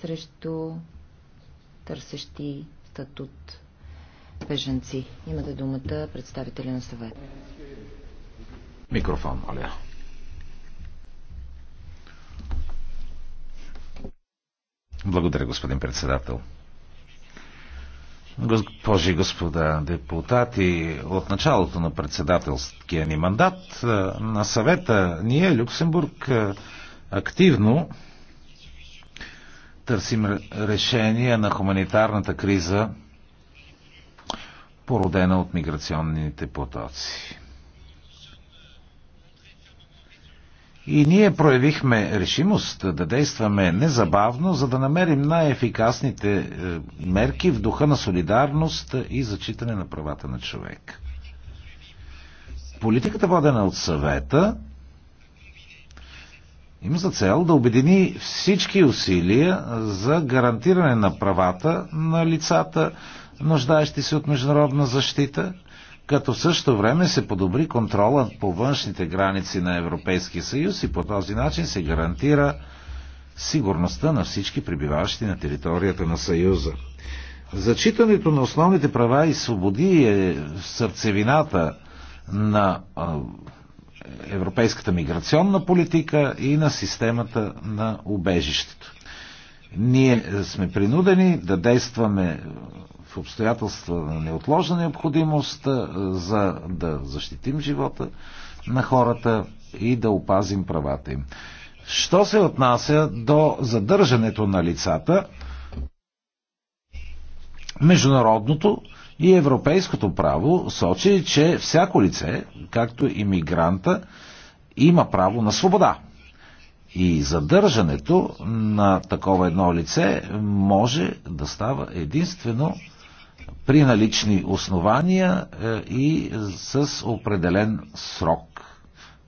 срещу търсещи статут беженци. Имате думата представители на съвет. Микрофон, Оля. Благодаря, господин председател. Госпожи и господа депутати, от началото на председателския ни мандат на съвета ние, Люксембург, активно търсим решение на хуманитарната криза, породена от миграционните потоци. И ние проявихме решимост да действаме незабавно, за да намерим най-ефикасните е, мерки в духа на солидарност и зачитане на правата на човек. Политиката, водена от съвета, има за цел да обедини всички усилия за гарантиране на правата на лицата, нуждаещи се от международна защита, като в време се подобри контрола по външните граници на Европейския съюз и по този начин се гарантира сигурността на всички прибиващи на територията на Съюза. Зачитането на основните права и свободи е в сърцевината на европейската миграционна политика и на системата на убежището. Ние сме принудени да действаме в обстоятелства на неотложна необходимост, за да защитим живота на хората и да опазим правата им. Що се отнася до задържането на лицата, международното и европейското право сочи, че всяко лице, както и мигранта, има право на свобода. И задържането на такова едно лице може да става единствено при налични основания е, и с определен срок,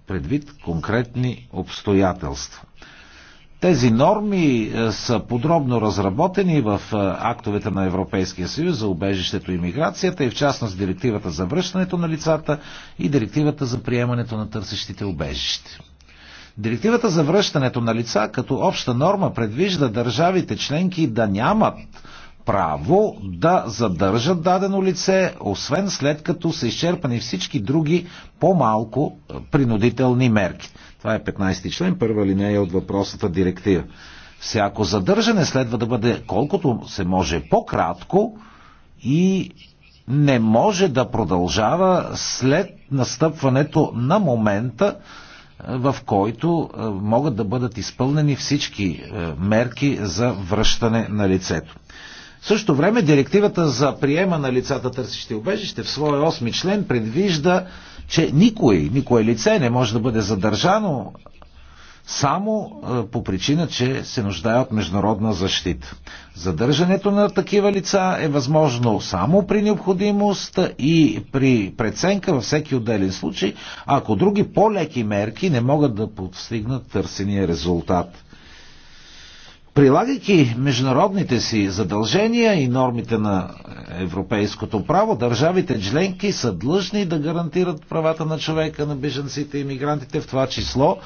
предвид конкретни обстоятелства. Тези норми е, са подробно разработени в е, актовете на Европейския съюз за убежището и миграцията и в частност директивата за връщането на лицата и директивата за приемането на търсещите убежище. Директивата за връщането на лица като обща норма предвижда държавите членки да нямат право да задържат дадено лице, освен след като са изчерпани всички други по-малко е, принудителни мерки. Това е 15 ти член, първа линия е от въпросната директива. Всяко задържане следва да бъде колкото се може по-кратко и не може да продължава след настъпването на момента, е, в който е, могат да бъдат изпълнени всички мерки за връщане на лицето. В същото време директивата за приема на лицата търсещи убежище в своя 8 член предвижда, че никой, никое лице не може да бъде задържано само е, по причина, че се нуждае от международна защита. Задържането на такива лица е възможно само при необходимост и при преценка във всеки отделен случай, ако други по-леки мерки не могат да постигнат търсения резултат. Прилагайки международните си задължения и нормите на европейското право, държавите членки са длъжни да гарантират правата на човека, на беженците и мигрантите, в това число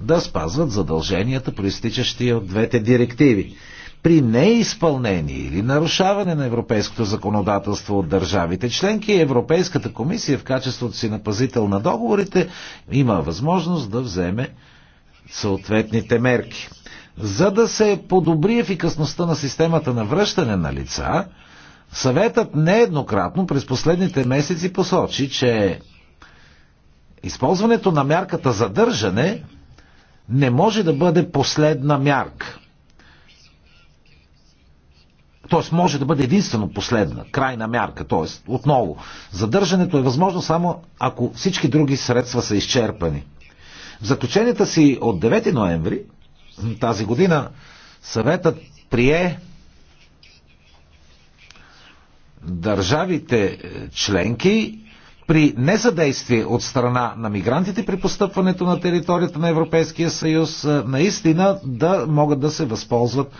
да спазват задълженията, проистичащи от двете директиви. При неизпълнение или нарушаване на европейското законодателство от държавите членки, Европейската комисия в качеството си на пазител на договорите има възможност да вземе съответните мерки. За да се подобри ефикасността на системата на връщане на лица, съветът нееднократно през последните месеци посочи, че използването на мярката задържане не може да бъде последна мярка. Т.е. може да бъде единствено последна, крайна мярка. Т.е. отново, задържането е възможно само ако всички други средства са изчерпани. В заключенията си от 9 ноември тази година съветът прие държавите членки при несъдействие от страна на мигрантите при постъпването на територията на Европейския съюз наистина да могат да се възползват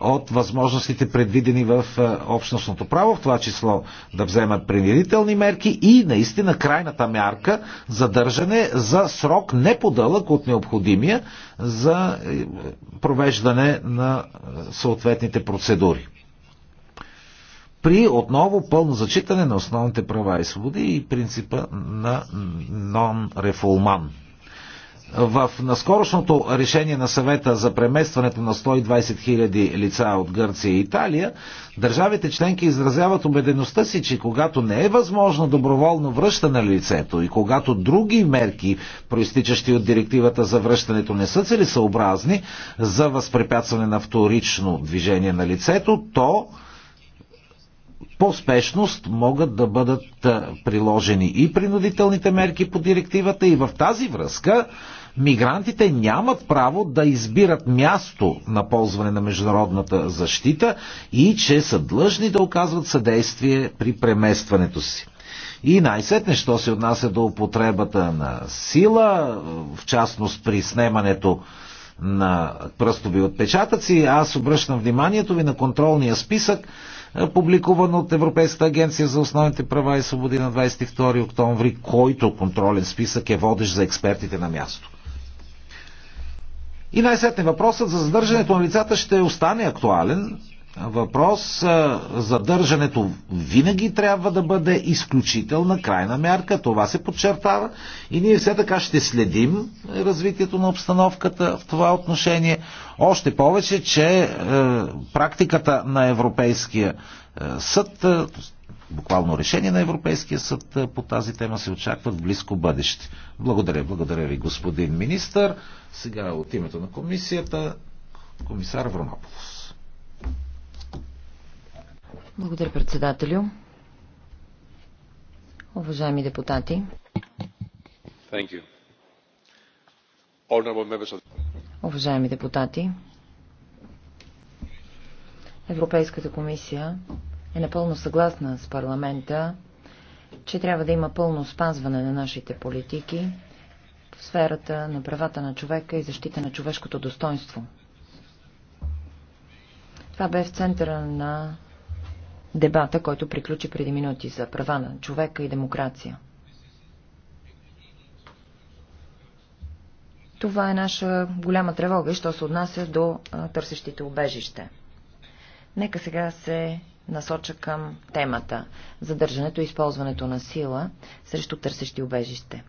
от възможностите предвидени в е, общностното право, в това число да вземат примирителни мерки и наистина крайната мярка задържане за срок не подълъг от необходимия за е, провеждане на е, съответните процедури. При отново пълно зачитане на основните права и свободи и принципа на нон-рефулман. В наскорошното решение на съвета за преместването на 120 000 лица от Гърция и Италия, държавите членки изразяват убедеността си, че когато не е възможно доброволно връщане на лицето и когато други мерки, проистичащи от директивата за връщането, не са целесообразни за възпрепятстване на вторично движение на лицето, то по спешност могат да бъдат приложени и принудителните мерки по директивата и в тази връзка мигрантите нямат право да избират място на ползване на международната защита и че са длъжни да оказват съдействие при преместването си. И най-сетне, що се отнася до употребата на сила, в частност при снемането на пръстови отпечатъци, аз обръщам вниманието ви на контролния списък, е, публикуван от Европейската агенция за основните права и свободи на 22 октомври, който контролен списък е водещ за експертите на място. И най-сетне въпросът за задържането на лицата ще остане актуален. Въпрос задържането винаги трябва да бъде изключителна крайна мярка, това се подчертава и ние все така ще следим развитието на обстановката в това отношение. Още повече, че практиката на Европейския съд, буквално решение на Европейския съд по тази тема се очаква в близко бъдеще. Благодаря, благодаря ви, господин министър. Сега от името на комисията, комисар Вронополос. Благодаря, председателю. Уважаеми депутати. Thank you. Уважаеми депутати, Европейската комисия е напълно съгласна с парламента, че трябва да има пълно спазване на нашите политики в сферата на правата на човека и защита на човешкото достоинство. Това бе в центъра на дебата, който приключи преди минути за права на човека и демокрация. Това е наша голяма тревога, що се отнася до търсещите убежище. Нека сега се насоча към темата – задържането и използването на сила срещу търсещи убежище.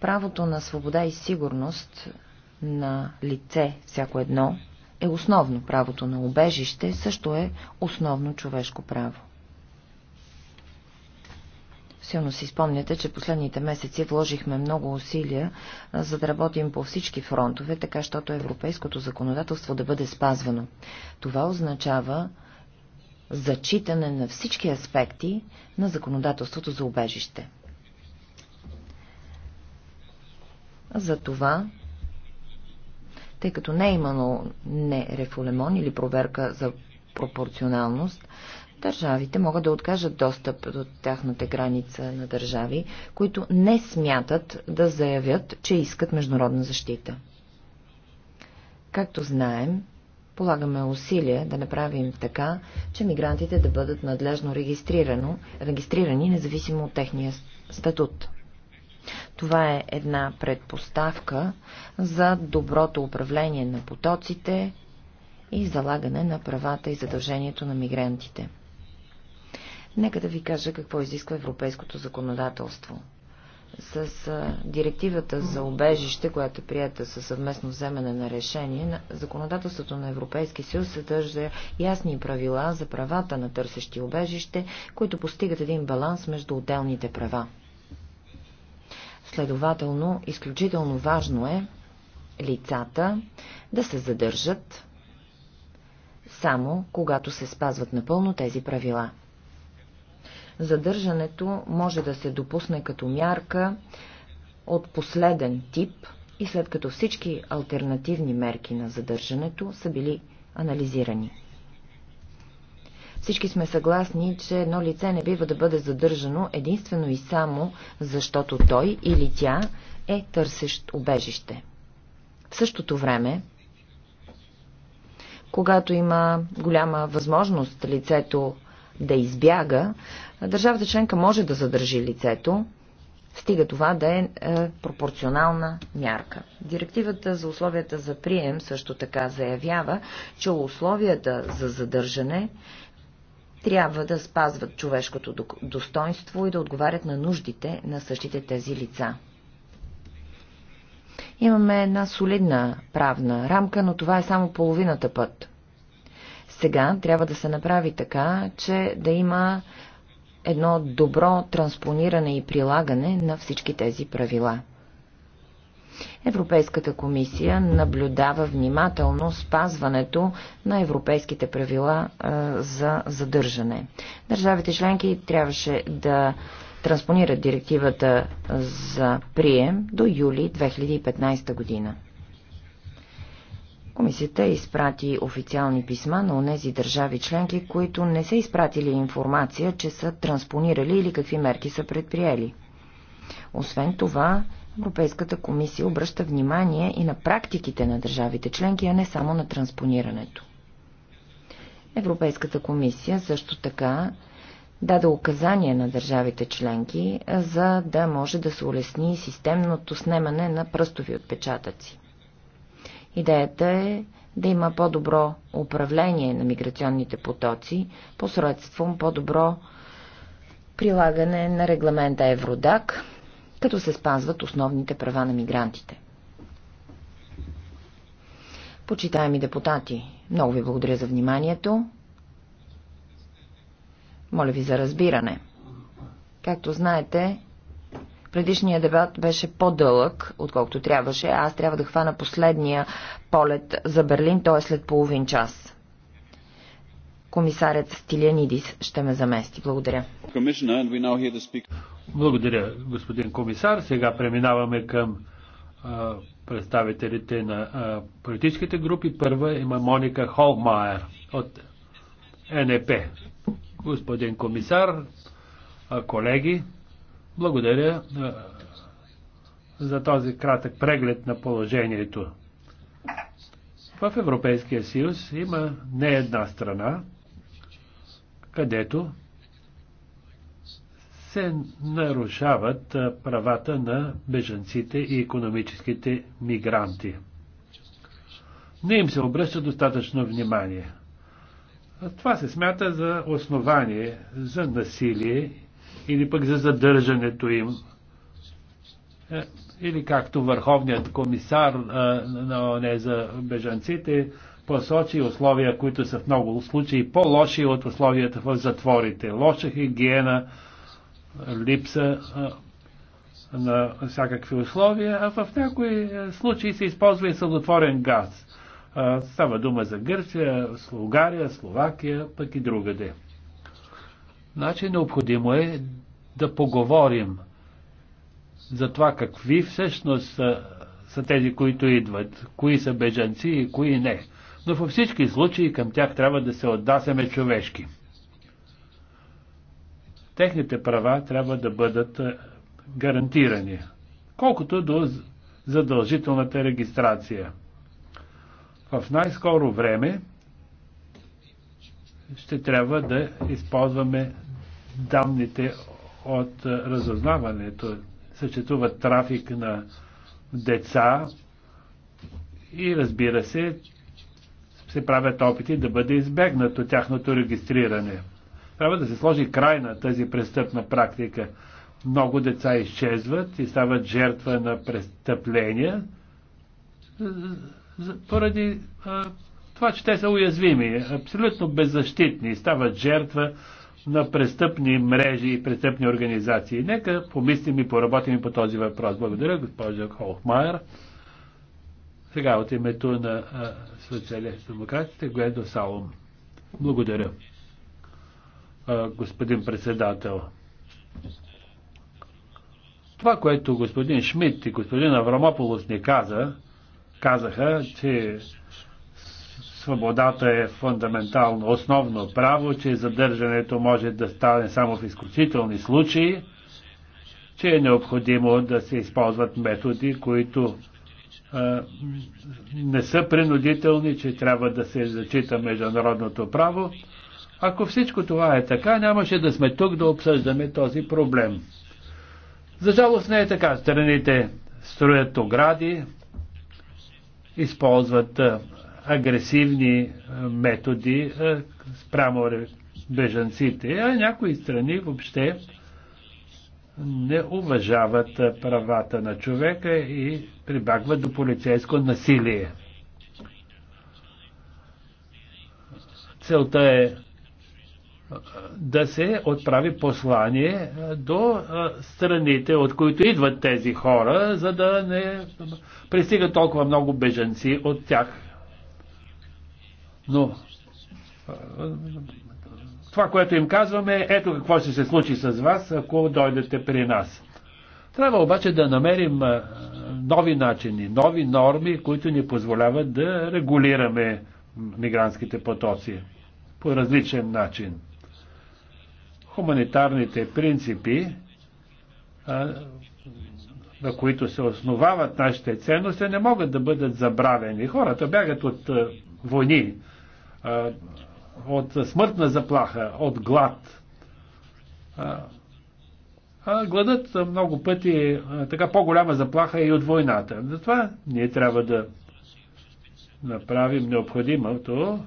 Правото на свобода и сигурност на лице, всяко едно, е основно правото на убежище, също е основно човешко право. Силно си спомняте, че последните месеци вложихме много усилия, за да работим по всички фронтове, така щото европейското законодателство да бъде спазвано. Това означава зачитане на всички аспекти на законодателството за убежище. За това, тъй като не е имало не рефулемон или проверка за пропорционалност, Държавите могат да откажат достъп до тяхната граница на държави, които не смятат да заявят, че искат международна защита. Както знаем, полагаме усилия да направим така, че мигрантите да бъдат надлежно регистрирани, независимо от техния статут. Това е една предпоставка за доброто управление на потоците и залагане на правата и задължението на мигрантите. Нека да ви кажа какво изисква европейското законодателство. С директивата за обежище, която е прията със съвместно вземане на решение, законодателството на Европейския съюз съдържа ясни правила за правата на търсещи обежище, които постигат един баланс между отделните права. Следователно, изключително важно е лицата да се задържат само когато се спазват напълно тези правила. Задържането може да се допусне като мярка от последен тип и след като всички альтернативни мерки на задържането са били анализирани. Всички сме съгласни, че едно лице не бива да бъде задържано единствено и само, защото той или тя е търсещ убежище. В същото време, когато има голяма възможност лицето да избяга, държавата членка може да задържи лицето, стига това да е, е пропорционална мярка. Директивата за условията за прием също така заявява, че условията за задържане трябва да спазват човешкото достоинство и да отговарят на нуждите на същите тези лица. Имаме една солидна правна рамка, но това е само половината път. Сега трябва да се направи така, че да има едно добро транспониране и прилагане на всички тези правила. Европейската комисия наблюдава внимателно спазването на европейските правила за задържане. Държавите членки трябваше да транспонират директивата за прием до юли 2015 година. Комисията изпрати официални писма на онези държави членки, които не са изпратили информация, че са транспонирали или какви мерки са предприели. Освен това, Европейската комисия обръща внимание и на практиките на държавите членки, а не само на транспонирането. Европейската комисия също така даде указания на държавите членки, за да може да се улесни системното снемане на пръстови отпечатъци. Идеята е да има по-добро управление на миграционните потоци посредством по-добро прилагане на регламента Евродак, като се спазват основните права на мигрантите. Почитаеми депутати, много ви благодаря за вниманието. Моля ви за разбиране. Както знаете, Предишният дебат беше по-дълъг, отколкото трябваше. Аз трябва да хвана последния полет за Берлин, т.е. след половин час. Комисарят Стилянидис ще ме замести. Благодаря. Благодаря, господин комисар. Сега преминаваме към а, представителите на а, политическите групи. Първа има Моника Холмайер от НЕП. Господин комисар, а, колеги, благодаря за този кратък преглед на положението. В Европейския съюз има не една страна, където се нарушават правата на бежанците и економическите мигранти. Не им се обръща достатъчно внимание. Това се смята за основание за насилие или пък за задържането им. Е, или както върховният комисар е, на ОНЕ за бежанците посочи условия, които са в много случаи по-лоши от условията в затворите. Лоша хигиена, липса е, на всякакви условия, а в някои случаи се използва и съдотворен газ. Става дума за Гърция, Слугария, Словакия, пък и другаде. Значи необходимо е да поговорим за това какви всъщност са, са тези, които идват, кои са бежанци и кои не. Но във всички случаи към тях трябва да се отдасяме човешки. Техните права трябва да бъдат е, гарантирани, колкото до задължителната регистрация. В най-скоро време ще трябва да използваме данните от разузнаването. Съществува трафик на деца и разбира се, се правят опити да бъде избегнато тяхното регистриране. Трябва да се сложи край на тази престъпна практика. Много деца изчезват и стават жертва на престъпления поради това, че те са уязвими, абсолютно беззащитни, стават жертва на престъпни мрежи и престъпни организации. Нека помислим и поработим и по този въпрос. Благодаря, госпожа Холхмайер. Сега от името на социалист-демократите Гуедо Салом. Благодаря, а, господин председател. Това, което господин Шмидт и господин Аврамополос ни каза, казаха, че свободата е фундаментално основно право, че задържането може да стане само в изключителни случаи, че е необходимо да се използват методи, които а, не са принудителни, че трябва да се зачита международното право. Ако всичко това е така, нямаше да сме тук да обсъждаме този проблем. За жалост не е така. Страните строят огради, използват агресивни е, методи е, спрямо бежанците, а някои страни въобще не уважават правата на човека и прибягват до полицейско насилие. Целта е, е да се отправи послание до страните, от които идват тези хора, за да не пристигат толкова много бежанци от тях но това, което им казваме е, ето какво ще се случи с вас, ако дойдете при нас. Трябва обаче да намерим нови начини, нови норми, които ни позволяват да регулираме мигрантските потоци по различен начин. Хуманитарните принципи, на които се основават нашите ценности, не могат да бъдат забравени. Хората бягат от войни, от смъртна заплаха, от глад. А гладът много пъти е така по-голяма заплаха е и от войната. Затова ние трябва да направим необходимото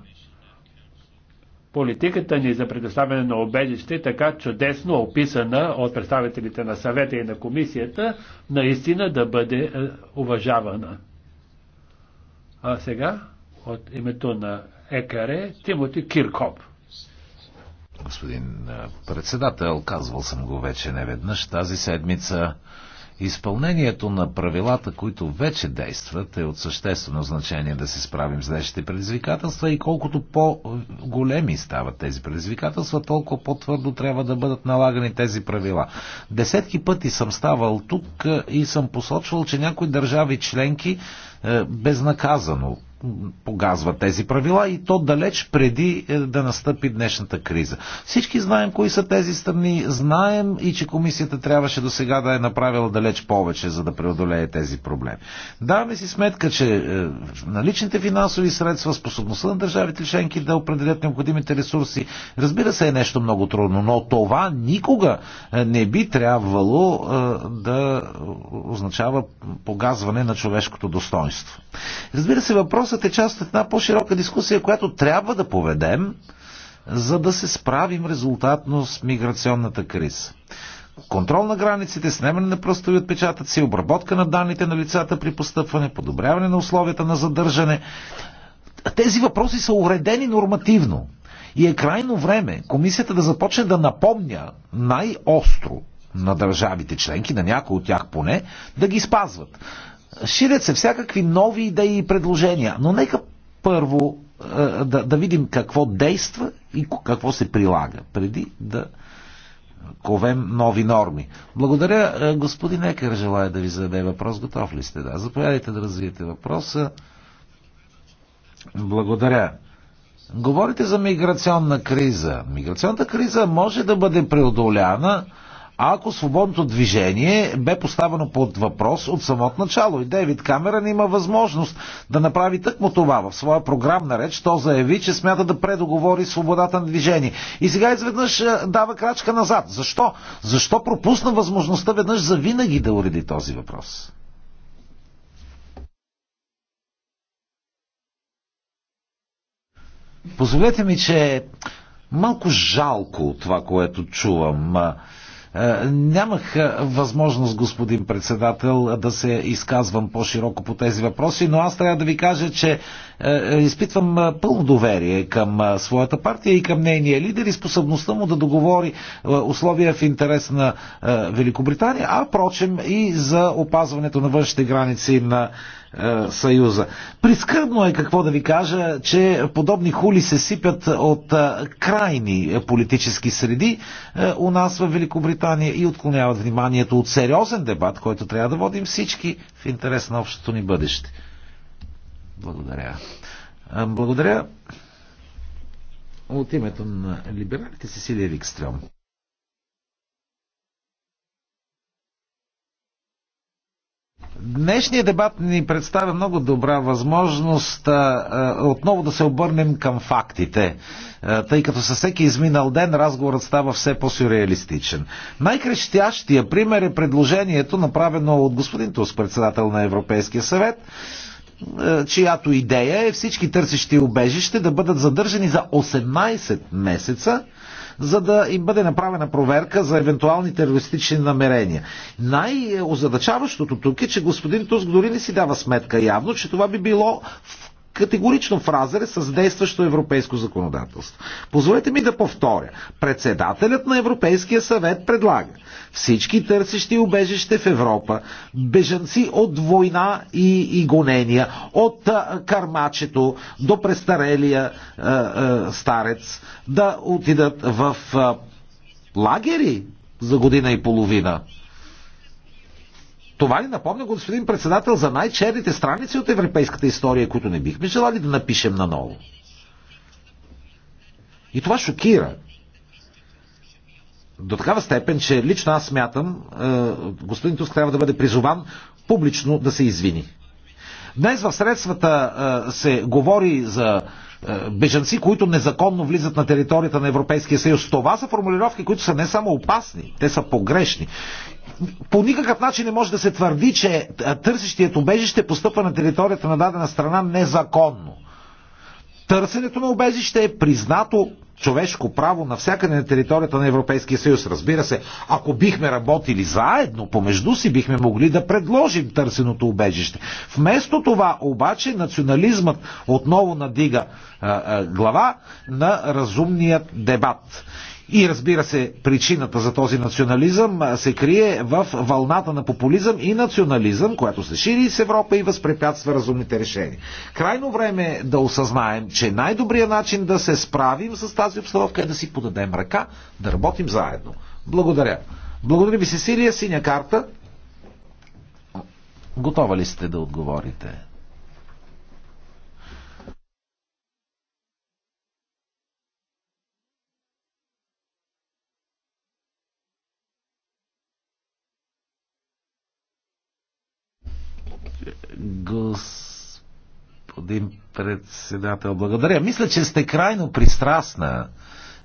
политиката ни за предоставяне на обедище, така чудесно описана от представителите на съвета и на комисията, наистина да бъде е, уважавана. А сега от името на екаре Тимоти Киркоп. Господин председател, казвал съм го вече неведнъж тази седмица. Изпълнението на правилата, които вече действат, е от съществено значение да се справим с днешните предизвикателства и колкото по-големи стават тези предизвикателства, толкова по-твърдо трябва да бъдат налагани тези правила. Десетки пъти съм ставал тук и съм посочвал, че някои държави членки безнаказано погазва тези правила и то далеч преди е, да настъпи днешната криза. Всички знаем кои са тези страни, знаем и че комисията трябваше до сега да е направила далеч повече, за да преодолее тези проблеми. Даваме си сметка, че е, наличните финансови средства, способността на държавите членки да определят необходимите ресурси, разбира се е нещо много трудно, но това никога е, не би трябвало да означава погазване на човешкото достоинство. Разбира се, въпрос въпросът е част от една по-широка дискусия, която трябва да поведем, за да се справим резултатно с миграционната криза. Контрол на границите, снемане на пръстови отпечатъци, обработка на данните на лицата при постъпване, подобряване на условията на задържане. Тези въпроси са уредени нормативно. И е крайно време комисията да започне да напомня най-остро на държавите членки, на някои от тях поне, да ги спазват. Ширят се всякакви нови идеи и предложения, но нека първо е, да, да видим какво действа и какво се прилага, преди да ковем нови норми. Благодаря, е, господин Екер желая да ви зададе въпрос. Готов ли сте? Да, заповядайте да развиете въпроса. Благодаря. Говорите за миграционна криза. Миграционната криза може да бъде преодоляна ако свободното движение бе поставено под въпрос от самото начало. И Дейвид Камерън има възможност да направи тъкмо това. В своя програмна реч то заяви, че смята да предоговори свободата на движение. И сега изведнъж дава крачка назад. Защо? Защо пропусна възможността веднъж за винаги да уреди този въпрос? Позволете ми, че малко жалко това, което чувам. Е, нямах е, възможност, господин председател, да се изказвам по-широко по тези въпроси, но аз трябва да ви кажа, че е, изпитвам пълно доверие към своята партия и към нейния лидер и способността му да договори условия в интерес на Великобритания, а прочим и за опазването на външните граници на е, Съюза. Прискърбно е какво да ви кажа, че подобни хули се сипят от е, крайни политически среди е, у нас в Великобритания и отклоняват вниманието от сериозен дебат, който трябва да водим всички в интерес на общото ни бъдеще. Благодаря. Благодаря. От името на либералите Сесилия Викстрем. Днешният дебат ни представя много добра възможност а, отново да се обърнем към фактите, а, тъй като със всеки изминал ден разговорът става все по-сюрреалистичен. Най-крещящия пример е предложението, направено от господин Тус, председател на Европейския съвет, а, чиято идея е всички търсещи убежище да бъдат задържани за 18 месеца за да им бъде направена проверка за евентуални терористични намерения. Най-озадачаващото тук е, че господин Туск дори не си дава сметка явно, че това би било в категорично в разрез с действащо европейско законодателство. Позволете ми да повторя. Председателят на Европейския съвет предлага всички търсещи убежище в Европа, бежанци от война и, и гонения, от а, кармачето до престарелия а, а, старец, да отидат в а, лагери за година и половина. Това ли напомня, господин председател, за най-черните страници от европейската история, които не бихме желали да напишем наново. И това шокира. До такава степен, че лично аз смятам, е, господин Туск трябва да бъде призован публично да се извини. Днес в средствата е, се говори за е, бежанци, които незаконно влизат на територията на Европейския съюз. Това са формулировки, които са не само опасни, те са погрешни. По никакъв начин не може да се твърди, че е, търсещият убежище постъпва на територията на дадена страна незаконно. Търсенето на убежище е признато човешко право навсякъде на територията на Европейския съюз. Разбира се, ако бихме работили заедно, помежду си бихме могли да предложим търсеното убежище. Вместо това обаче национализмът отново надига а, а, глава на разумният дебат. И разбира се, причината за този национализъм се крие в вълната на популизъм и национализъм, която се шири с Европа и възпрепятства разумните решения. Крайно време е да осъзнаем, че най-добрият начин да се справим с тази обстановка е да си подадем ръка, да работим заедно. Благодаря. Благодаря ви, Сесилия, синя карта. Готова ли сте да отговорите? Господин председател, благодаря. Мисля, че сте крайно пристрастна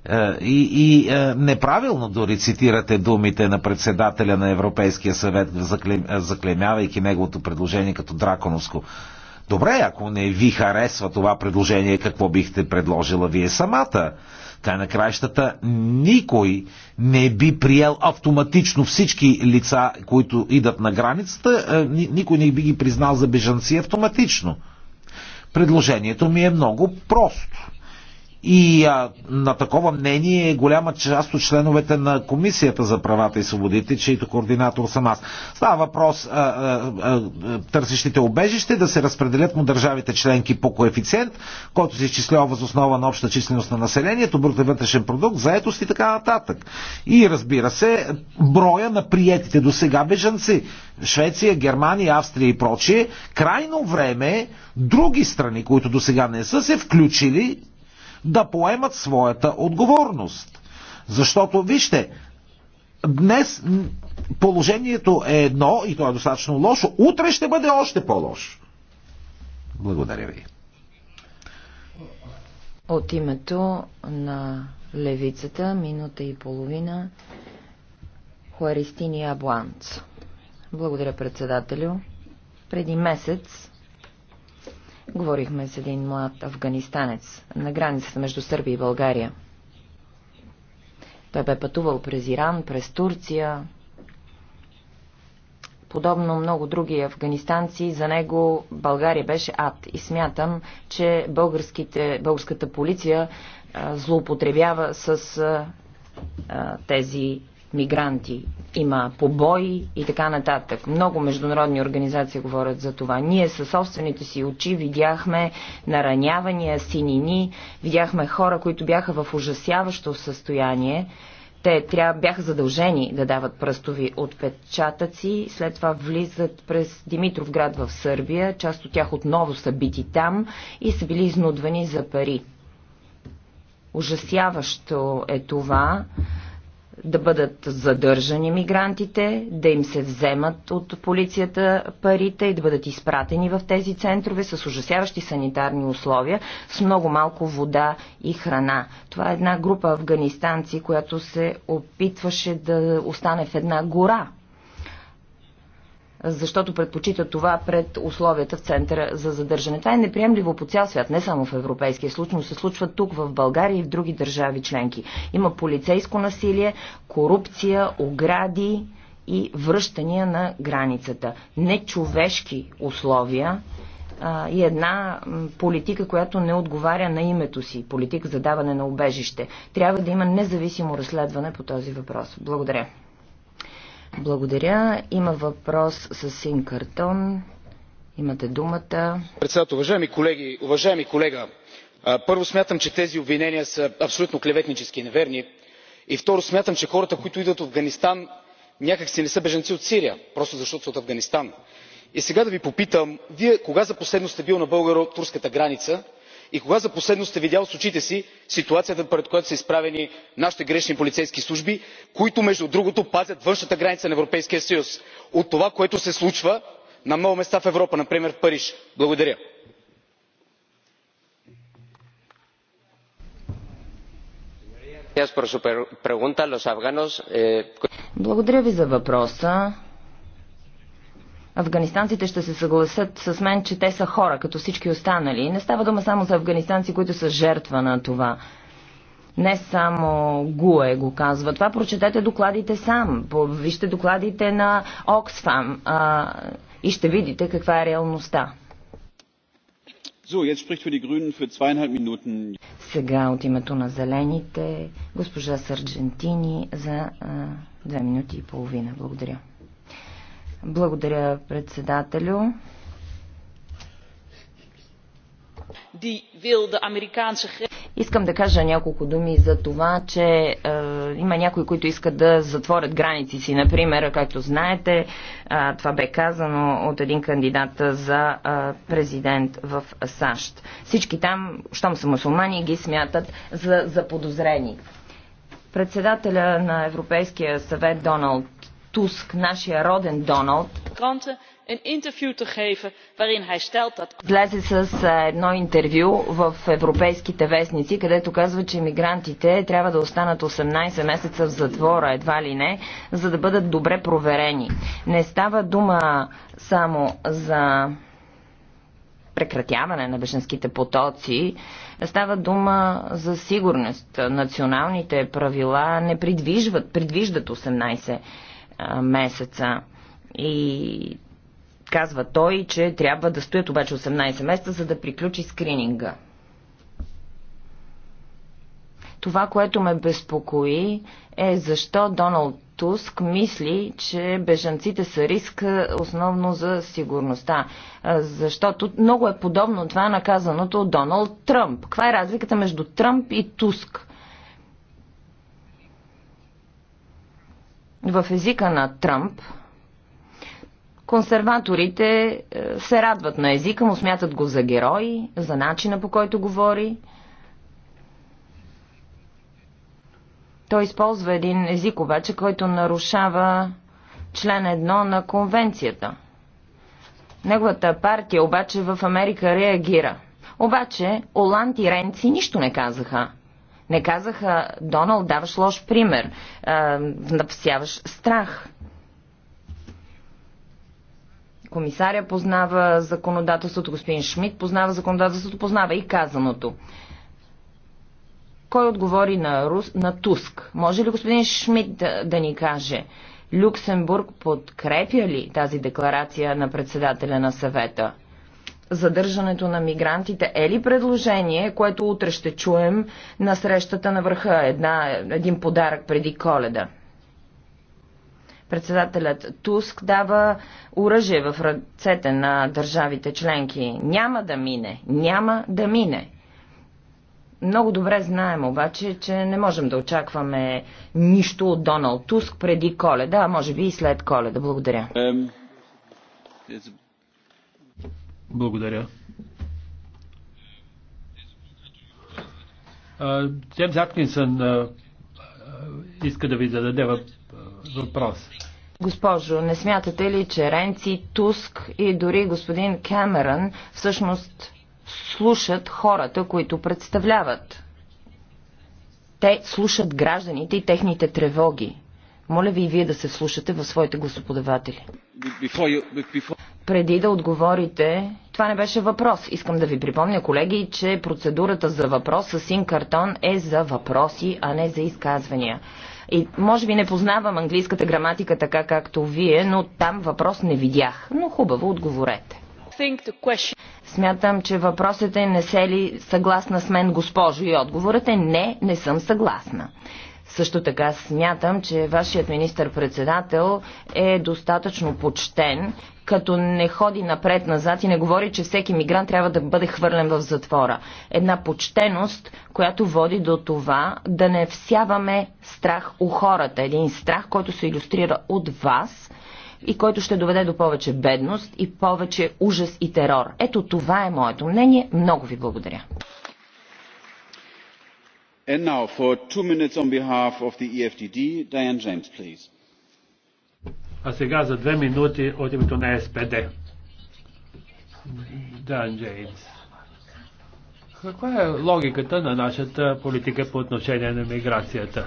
е, и, и е, неправилно дори цитирате думите на председателя на Европейския съвет, заклемявайки неговото предложение като драконовско. Добре, ако не ви харесва това предложение, какво бихте предложила вие самата? край на краищата никой не би приел автоматично всички лица, които идат на границата, е, никой не би ги признал за бежанци автоматично. Предложението ми е много просто. И а, на такова мнение е голяма част от членовете на Комисията за правата и свободите, чието координатор съм аз. Става въпрос а, а, а, търсещите обежище да се разпределят му държавите членки по коефициент, който се изчислява въз основа на обща численост на населението, брутен вътрешен продукт, заетост и така нататък. И разбира се, броя на приетите до сега бежанци. Швеция, Германия, Австрия и прочие. Крайно време други страни, които до сега не са се включили да поемат своята отговорност. Защото, вижте, днес положението е едно и то е достатъчно лошо, утре ще бъде още по-лошо. Благодаря ви. От името на левицата, минута и половина, Хуаристини Абланц. Благодаря, председателю. Преди месец Говорихме с един млад афганистанец на границата между Сърбия и България. Той бе пътувал през Иран, през Турция. Подобно много други афганистанци, за него България беше ад. И смятам, че българската полиция а, злоупотребява с а, тези мигранти, има побои и така нататък. Много международни организации говорят за това. Ние със собствените си очи видяхме наранявания, синини, видяхме хора, които бяха в ужасяващо състояние. Те трябва, бяха задължени да дават пръстови отпечатъци, след това влизат през Димитров град в Сърбия, част от тях отново са бити там и са били изнудвани за пари. Ужасяващо е това да бъдат задържани мигрантите, да им се вземат от полицията парите и да бъдат изпратени в тези центрове с ужасяващи санитарни условия, с много малко вода и храна. Това е една група афганистанци, която се опитваше да остане в една гора защото предпочита това пред условията в центъра за задържане. Това е неприемливо по цял свят, не само в Европейския случай, но се случва тук, в България и в други държави членки. Има полицейско насилие, корупция, огради и връщания на границата. Нечовешки условия а, и една политика, която не отговаря на името си, политика за даване на убежище. Трябва да има независимо разследване по този въпрос. Благодаря. Благодаря. Има въпрос с син картон. Имате думата. Председател, уважаеми колеги, уважаеми колега, първо смятам, че тези обвинения са абсолютно клеветнически и неверни. И второ, смятам, че хората, които идват от Афганистан, някак си не са беженци от Сирия, просто защото са от Афганистан. И сега да ви попитам, вие кога за последно сте бил на българо-турската граница и кога за последно сте видял с очите си ситуацията пред която са изправени нашите гранични полицейски служби които между другото пазят външната граница на европейския съюз от това което се случва на много места в европа например в париж? благодаря. Eh, благодаря ви за въпроса. Афганистанците ще се съгласят с мен, че те са хора, като всички останали. Не става дума само за афганистанци, които са жертва на това. Не само ГУЕ го казва. Това прочетете докладите сам. Вижте докладите на Оксфам а, и ще видите каква е реалността. Сега от името на зелените, госпожа Сарджентини за а, две минути и половина. Благодаря. Благодаря, председателю. Искам да кажа няколко думи за това, че е, има някои, които искат да затворят граници си. Например, както знаете, е, това бе казано от един кандидат за е, президент в САЩ. Всички там, щом са мусулмани, ги смятат за заподозрени. Председателя на Европейския съвет Доналд Туск, нашия роден Доналд, Влезе с едно интервю в европейските вестници, където казва, че мигрантите трябва да останат 18 месеца в затвора, едва ли не, за да бъдат добре проверени. Не става дума само за прекратяване на беженските потоци, става дума за сигурност. Националните правила не предвиждат 18 месеца. И казва той, че трябва да стоят обаче 18 месеца, за да приключи скрининга. Това, което ме безпокои, е защо Доналд Туск мисли, че бежанците са риск основно за сигурността. Защото много е подобно това наказаното от Доналд Тръмп. Каква е разликата между Тръмп и Туск? в езика на Тръмп, консерваторите е, се радват на езика му, смятат го за герой, за начина по който говори. Той използва един език обаче, който нарушава член едно на конвенцията. Неговата партия обаче в Америка реагира. Обаче Оланд и Ренци нищо не казаха. Не казаха, Доналд, даваш лош пример, напсяваш страх. Комисаря познава законодателството, господин Шмидт познава законодателството, познава и казаното. Кой отговори на, Рус, на Туск? Може ли господин Шмидт да, да ни каже? Люксембург подкрепя ли тази декларация на председателя на съвета? задържането на мигрантите е ли предложение, което утре ще чуем на срещата на върха, една, един подарък преди коледа? Председателят Туск дава оръжие в ръцете на държавите членки. Няма да мине, няма да мине. Много добре знаем обаче, че не можем да очакваме нищо от Доналд Туск преди коледа, а може би и след коледа. Благодаря. Благодаря. Джеймс Аткинсън иска да ви зададе въпрос. Госпожо, не смятате ли, че Ренци, Туск и дори господин Кемерън всъщност слушат хората, които представляват? Те слушат гражданите и техните тревоги. Моля ви и вие да се слушате в своите гласоподаватели. Before you, before преди да отговорите, това не беше въпрос. Искам да ви припомня, колеги, че процедурата за въпрос с син картон е за въпроси, а не за изказвания. И може би не познавам английската граматика така както вие, но там въпрос не видях. Но хубаво отговорете. Смятам, че въпросът е не се ли съгласна с мен, госпожо, и отговорът е не, не съм съгласна. Също така смятам, че вашият министър-председател е достатъчно почтен като не ходи напред-назад и не говори, че всеки мигрант трябва да бъде хвърлен в затвора. Една почтеност, която води до това да не всяваме страх у хората. Един страх, който се иллюстрира от вас и който ще доведе до повече бедност и повече ужас и терор. Ето това е моето мнение. Много ви благодаря. And now for two minutes on behalf of the EFDD, Diane James, please. А сега за две минути от името на СПД. Дан Джеймс. Каква е логиката на нашата политика по отношение на миграцията?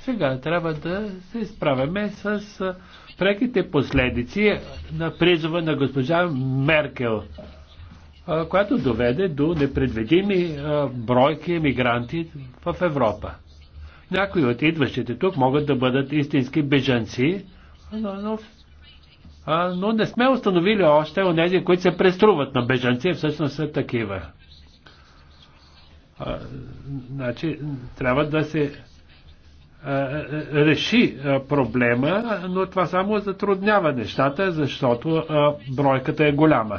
Сега трябва да се изправяме с преките последици на призова на госпожа Меркел, която доведе до непредвидими бройки мигранти в Европа. Някои от идващите тук могат да бъдат истински бежанци, но, но, а, но не сме установили още онези, които се преструват на бежанци, всъщност са такива. А, значи, трябва да се а, реши а, проблема, но това само затруднява нещата, защото а, бройката е голяма.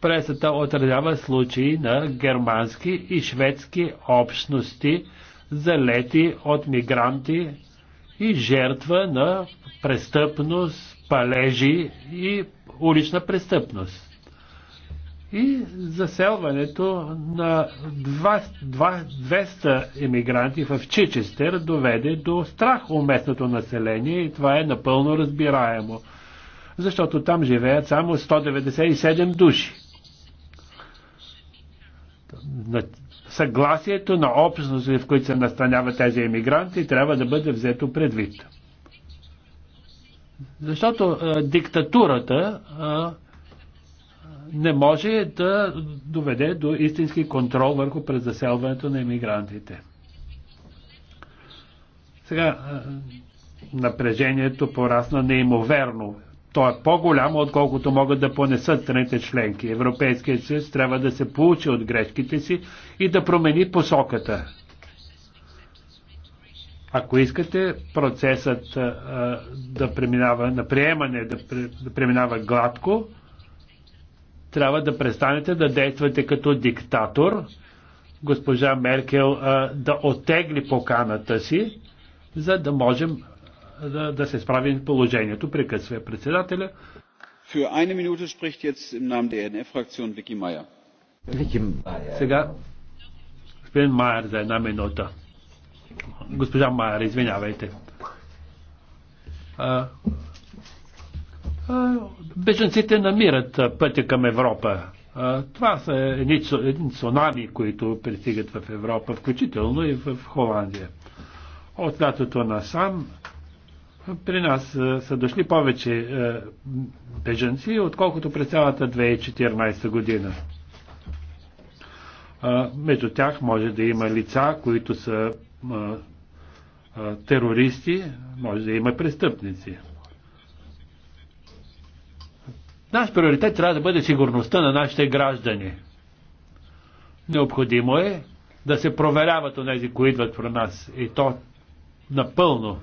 Пресата отразява случаи на германски и шведски общности, залети от мигранти, и жертва на престъпност, палежи и улична престъпност. И заселването на 200 емигранти в Чичестер доведе до страх у местното население и това е напълно разбираемо, защото там живеят само 197 души съгласието на общности, в които се настаняват тези емигранти, трябва да бъде взето предвид. Защото а, диктатурата а, не може да доведе до истински контрол върху презаселването на емигрантите. Сега напрежението порасна неимоверно той е по-голям, отколкото могат да понесат страните членки. Европейският съюз трябва да се получи от грешките си и да промени посоката. Ако искате процесът а, да преминава на приемане, да, да преминава гладко, трябва да престанете да действате като диктатор, госпожа Меркел а, да отегли поканата си, за да можем да, да се справи положението. Прекъсва председателя. Für eine Minute spricht jetzt im Namen der ENF-Fraktion Vicky Meyer. Вики Meyer. Сега, господин Майер за една минута. Госпожа Майер, извинявайте. А, а, беженците намират пътя към Европа. А, това са едни, едни цунами, които пристигат в Европа, включително и в Холандия. От лятото насам при нас е, са дошли повече е, беженци, отколкото през цялата 2014 година. Е, между тях може да има лица, които са терористи, може да има престъпници. Наш приоритет трябва да бъде сигурността на нашите граждани. Необходимо е да се проверяват нези, които идват про нас и то напълно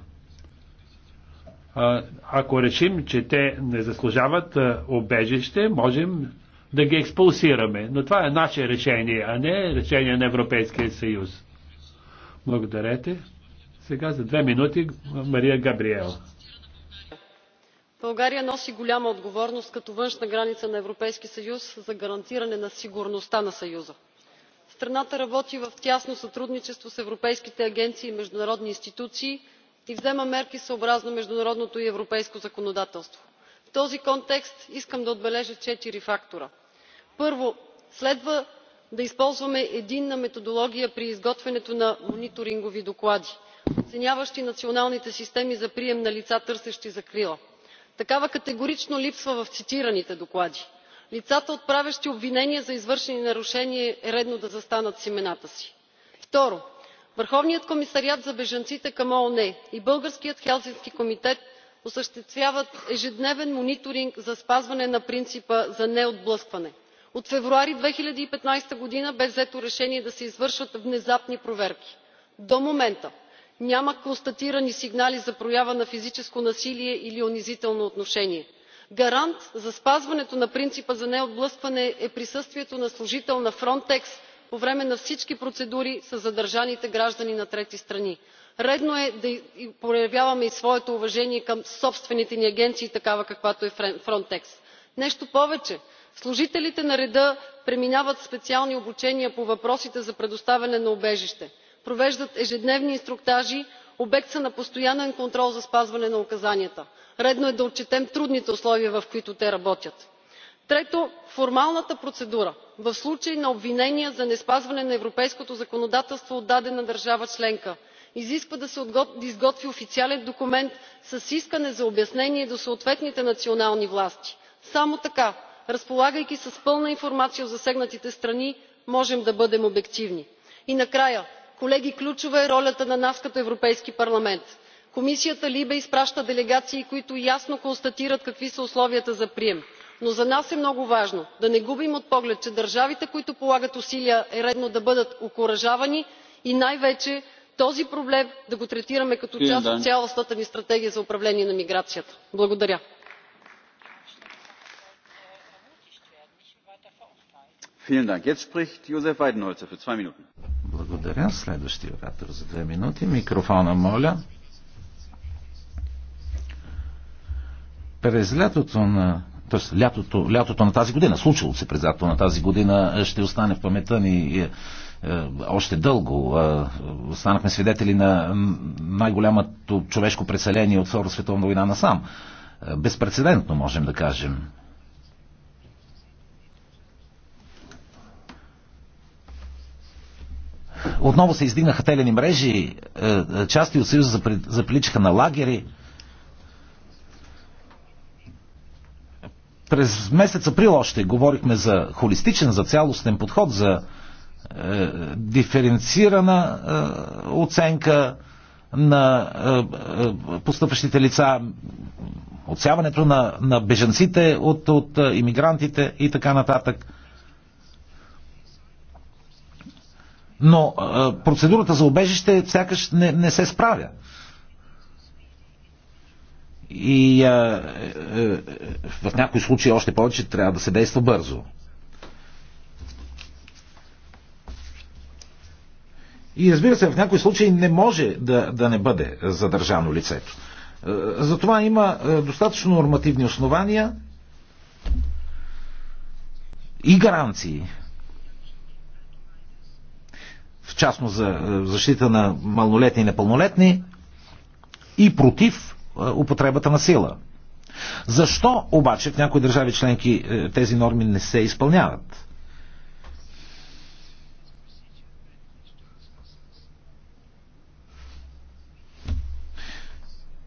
ако решим, че те не заслужават обежище, можем да ги експулсираме. Но това е наше решение, а не решение на Европейския съюз. Благодарете. Сега за две минути Мария Габриел. България носи голяма отговорност като външна граница на Европейския съюз за гарантиране на сигурността на съюза. Страната работи в тясно сътрудничество с европейските агенции и международни институции – и взема мерки съобразно международното и европейско законодателство. в този контекст искам да отбележа четири фактора. първо следва да използваме единна методология при изготвянето на мониторингови доклади оценяващи националните системи за прием на лица търсещи закрила. такава категорично липсва в цитираните доклади. лицата отправящи обвинения за извършени нарушения е редно да застанат с имената си. второ върховният комисариат за бежанците към оон и българският хелзинкски комитет осъществяват ежедневен мониторинг за спазване на принципа за неотблъскване. от февруари две хиляди и петнадесета г. бе взето решение да се извършват внезапни проверки. до момента няма констатирани сигнали за проява на физическо насилие или унизително отношение. гарант за спазването на принципа за неотблъскване е присъствието на служител на фронтекс по време на всички процедури със задържаните граждани на трети страни. редно е да проявяваме и своето уважение към собствените ни агенции такава каквато е фронтекс. нещо повече служителите на реда преминават специални обучения по въпросите за предоставяне на убежище провеждат ежедневни инструктажи обект са на постоянен контрол за спазване на указанията. редно е да отчетем трудните условия в които те работят трето формалната процедура в случай на обвинение за неспазване на европейското законодателство от дадена държава членка изисква да се изготви официален документ с искане за обяснение до съответните национални власти. само така разполагайки с пълна информация от засегнатите страни можем да бъдем обективни. и накрая колеги ключова е ролята на нас като европейски парламент. комисията либе изпраща делегации които ясно констатират какви са условията за прием но за нас е много важно да не губим от поглед че държавите които полагат усилия е редно да бъдат окуражавани и най вече този проблем да го третираме като част от цялостната ни стратегия за управление на миграцията. благодаря. През лятото на Тоест, лятото, лятото на тази година, случило се през лятото на тази година, е, ще остане в паметта ни е, е, още дълго. Станахме свидетели на най-голямото човешко преселение от Втората световна война насам. Безпредседентно, можем да кажем. Отново се издигнаха телени мрежи, части от Съюза заприличаха на лагери. През месец април още говорихме за холистичен, за цялостен подход, за е, диференцирана е, оценка на е, е, лица, отсяването на, на бежанците от, от е, иммигрантите и така нататък. Но е, процедурата за обежище сякаш не, не се справя. Е, и а, е, е, в някои случаи още повече трябва да се действа бързо. И разбира се, в някои случаи не може да, да не бъде задържано лицето. Е, Затова има е, достатъчно нормативни основания и гаранции. В частност за е, защита на малолетни и непълнолетни и против е, употребата на сила. Защо обаче в някои държави членки е, тези норми не се изпълняват?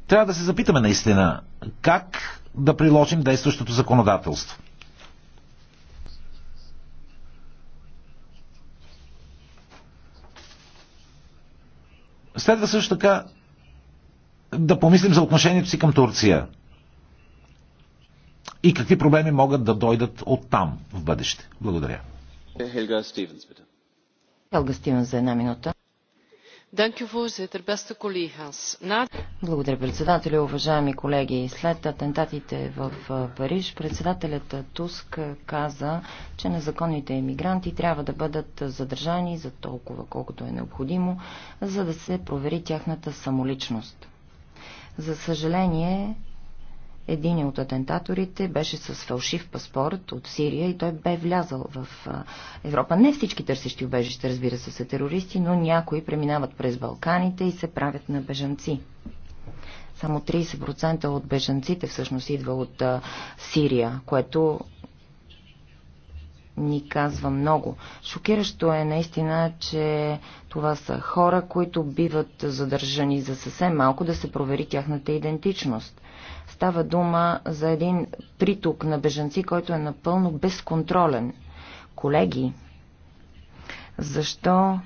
Трябва да се запитаме наистина как да приложим действащото законодателство. Следва също така да помислим за отношението си към Турция и какви проблеми могат да дойдат от там в бъдеще. Благодаря. Хелга Стивенс, Хелга Стивенс за една минута. Благодаря, председателю. Уважаеми колеги, след атентатите в Париж, председателят Туск каза, че незаконните емигранти трябва да бъдат задържани за толкова, колкото е необходимо, за да се провери тяхната самоличност. За съжаление, един от атентаторите беше с фалшив паспорт от Сирия и той бе влязал в Европа. Не всички търсещи убежище, разбира се, са терористи, но някои преминават през Балканите и се правят на бежанци. Само 30% от бежанците всъщност идва от Сирия, което ни казва много. Шокиращо е наистина, че това са хора, които биват задържани за съвсем малко да се провери тяхната идентичност. Става дума за един приток на бежанци, който е напълно безконтролен. Колеги, защо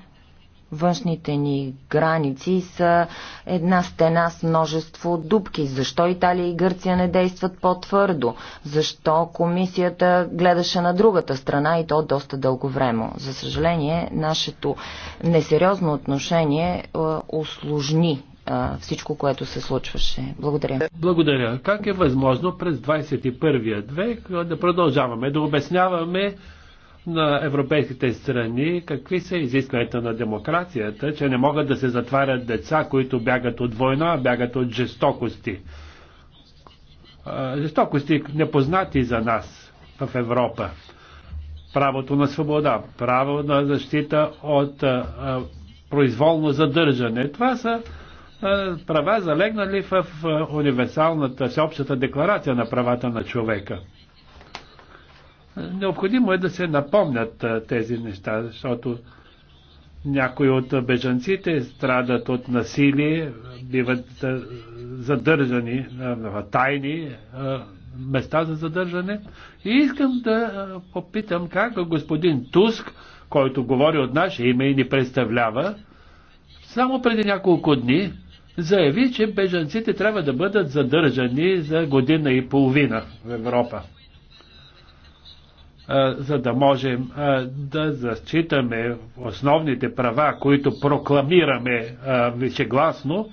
външните ни граници са една стена с множество дубки. Защо Италия и Гърция не действат по-твърдо? Защо комисията гледаше на другата страна и то доста дълго време? За съжаление, нашето несериозно отношение осложни е, е, всичко, което се случваше. Благодаря. Благодаря. Как е възможно през 21 век е, да продължаваме да обясняваме на европейските страни, какви са изискванията на демокрацията, че не могат да се затварят деца, които бягат от война, а бягат от жестокости. Жестокости непознати за нас в Европа. Правото на свобода, право на защита от произволно задържане. Това са права залегнали в универсалната всеобщата декларация на правата на човека. Необходимо е да се напомнят тези неща, защото някои от бежанците страдат от насилие, биват задържани в тайни места за задържане. И искам да попитам как господин Туск, който говори от наше име и ни представлява, само преди няколко дни заяви, че бежанците трябва да бъдат задържани за година и половина в Европа за да можем да зачитаме основните права, които прокламираме вечегласно,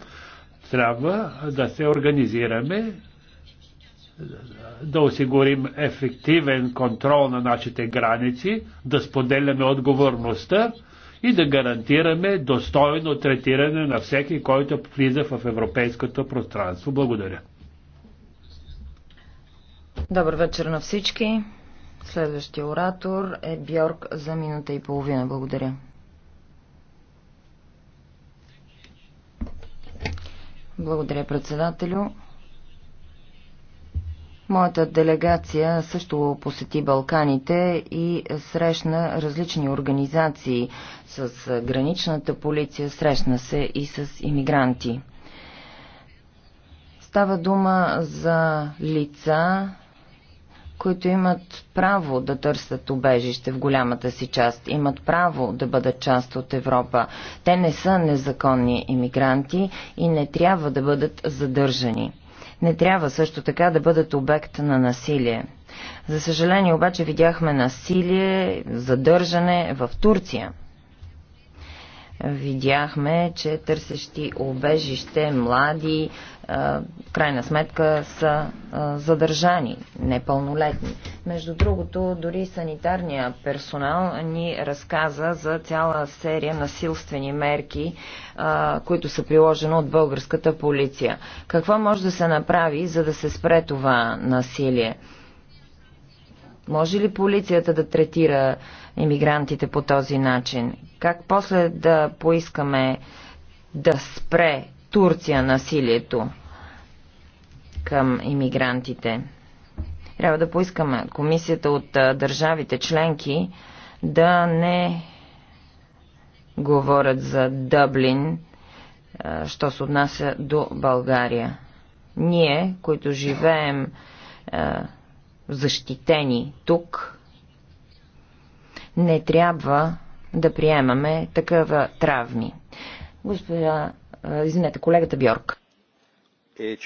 трябва да се организираме, да осигурим ефективен контрол на нашите граници, да споделяме отговорността и да гарантираме достойно третиране на всеки, който влиза в европейското пространство. Благодаря. Добър вечер на всички. Следващия оратор е Бьорк за минута и половина. Благодаря. Благодаря, председателю. Моята делегация също посети Балканите и срещна различни организации с граничната полиция, срещна се и с иммигранти. Става дума за лица, които имат право да търсят убежище в голямата си част, имат право да бъдат част от Европа. Те не са незаконни иммигранти и не трябва да бъдат задържани. Не трябва също така да бъдат обект на насилие. За съжаление обаче видяхме насилие, задържане в Турция видяхме, че търсещи обежище, млади, в крайна сметка са задържани, непълнолетни. Между другото, дори санитарния персонал ни разказа за цяла серия насилствени мерки, които са приложени от българската полиция. Какво може да се направи, за да се спре това насилие? Може ли полицията да третира иммигрантите по този начин? Как после да поискаме да спре Турция насилието към иммигрантите? Трябва да поискаме комисията от държавите членки да не говорят за Дъблин, що се отнася до България. Ние, които живеем защитени тук, не трябва да приемаме такава травми. Господа, извинете, колегата Бьорк. Е,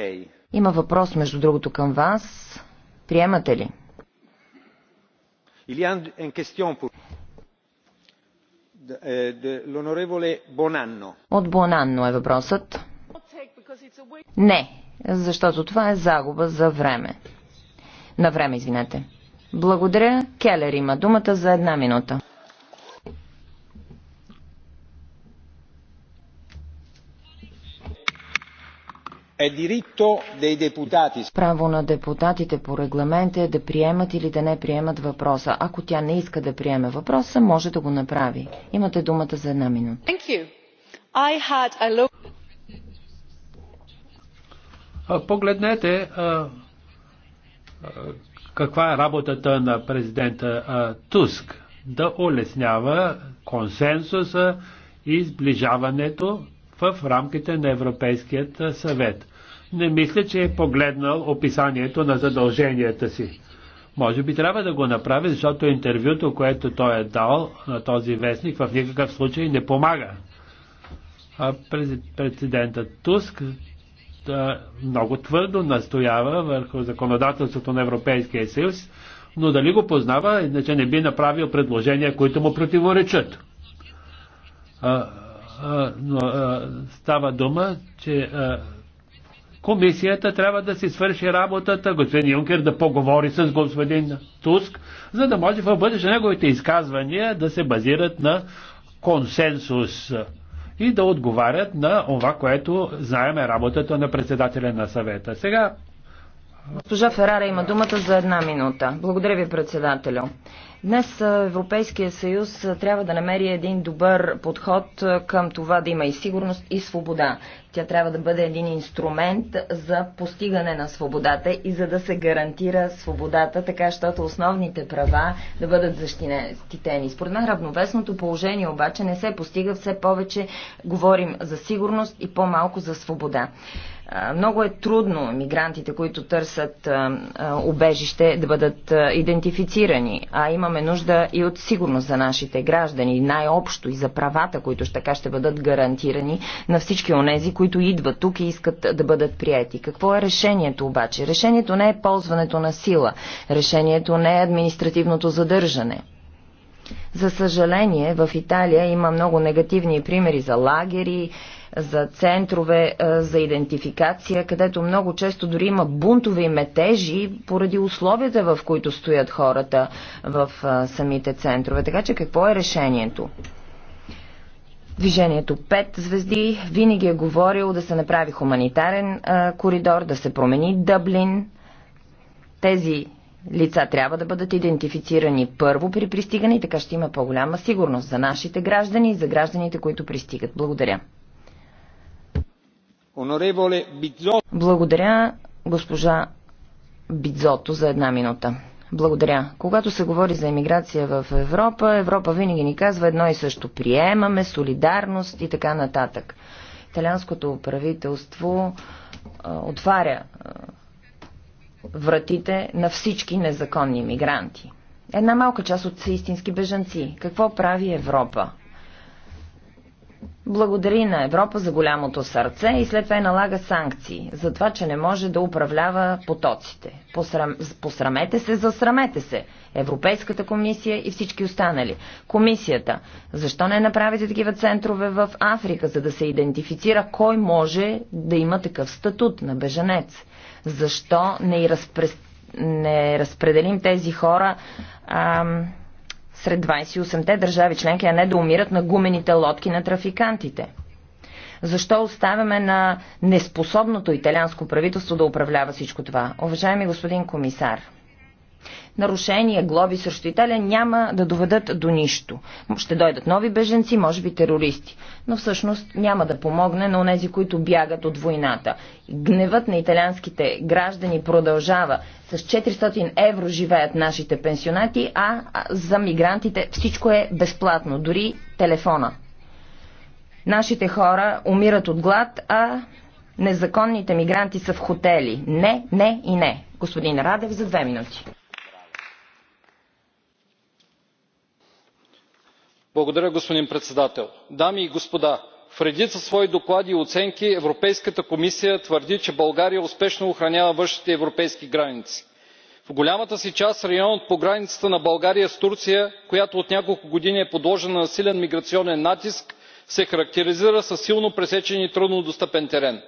е има въпрос, между другото, към вас. Приемате ли? Euh, От Бонанно е въпросът. Не, защото това е загуба за време. На време, извинете. Благодаря. Келер има думата за една минута. Право на депутатите по регламент е да приемат или да не приемат въпроса. Ако тя не иска да приеме въпроса, може да го направи. Имате думата за една минута. Погледнете а, а, каква е работата на президента а, Туск да улеснява консенсуса и сближаването в рамките на Европейският съвет. Не мисля, че е погледнал описанието на задълженията си. Може би трябва да го направи, защото интервюто, което той е дал на този вестник, в никакъв случай не помага. А президентът Туск да, много твърдо настоява върху законодателството на Европейския съюз, но дали го познава, иначе не би направил предложения, които му противоречат. А, но става дума, че комисията трябва да си свърши работата, господин Юнкер да поговори с господин Туск, за да може в бъдеще неговите изказвания да се базират на консенсус и да отговарят на това, което знаеме работата на председателя на съвета. Сега Госпожа Ферара има думата за една минута. Благодаря ви, председателю. Днес Европейския съюз трябва да намери един добър подход към това да има и сигурност, и свобода. Тя трябва да бъде един инструмент за постигане на свободата и за да се гарантира свободата, така щото основните права да бъдат защитени. Според мен равновесното положение обаче не се постига все повече. Говорим за сигурност и по-малко за свобода. Много е трудно мигрантите, които търсят убежище, да бъдат идентифицирани, а имаме нужда и от сигурност за нашите граждани, най-общо и за правата, които така ще бъдат гарантирани на всички онези, които идват тук и искат да бъдат прияти. Какво е решението обаче? Решението не е ползването на сила. Решението не е административното задържане. За съжаление, в Италия има много негативни примери за лагери, за центрове за идентификация, където много често дори има бунтове и метежи поради условията, в които стоят хората в самите центрове. Така че какво е решението? Движението 5 звезди винаги е говорил да се направи хуманитарен а, коридор, да се промени Дъблин. Тези лица трябва да бъдат идентифицирани първо при пристигане и така ще има по-голяма сигурност за нашите граждани и за гражданите, които пристигат. Благодаря. Благодаря, госпожа Бидзото, за една минута. Благодаря. Когато се говори за емиграция в Европа, Европа винаги ни казва едно и също. Приемаме, солидарност и така нататък. Италианското правителство а, отваря а, вратите на всички незаконни мигранти. Една малка част от са истински бежанци. Какво прави Европа? благодари на Европа за голямото сърце и след това налага санкции за това, че не може да управлява потоците. Посрам... Посрамете се, засрамете се. Европейската комисия и всички останали. Комисията. Защо не направите такива центрове в Африка, за да се идентифицира кой може да има такъв статут на бежанец? Защо не, разпре... не разпределим тези хора ам, сред 28-те държави членки, а не да умират на гумените лодки на трафикантите? Защо оставяме на неспособното италианско правителство да управлява всичко това? Уважаеми господин комисар, нарушения, глоби срещу Италия няма да доведат до нищо. Ще дойдат нови беженци, може би терористи. Но всъщност няма да помогне на онези, които бягат от войната. Гневът на италианските граждани продължава. С 400 евро живеят нашите пенсионати, а за мигрантите всичко е безплатно, дори телефона. Нашите хора умират от глад, а незаконните мигранти са в хотели. Не, не и не. Господин Радев за две минути. господин председател. дами и господа в редица свои доклади и оценки европейската комисия твърди че българя успешно охранява външните европейски граници. в голямата си част районът по границата на българя с турция която от няколко години е подложена на силен миграционен натиск се характеризира със силно пресечен и трудно достъпен терен.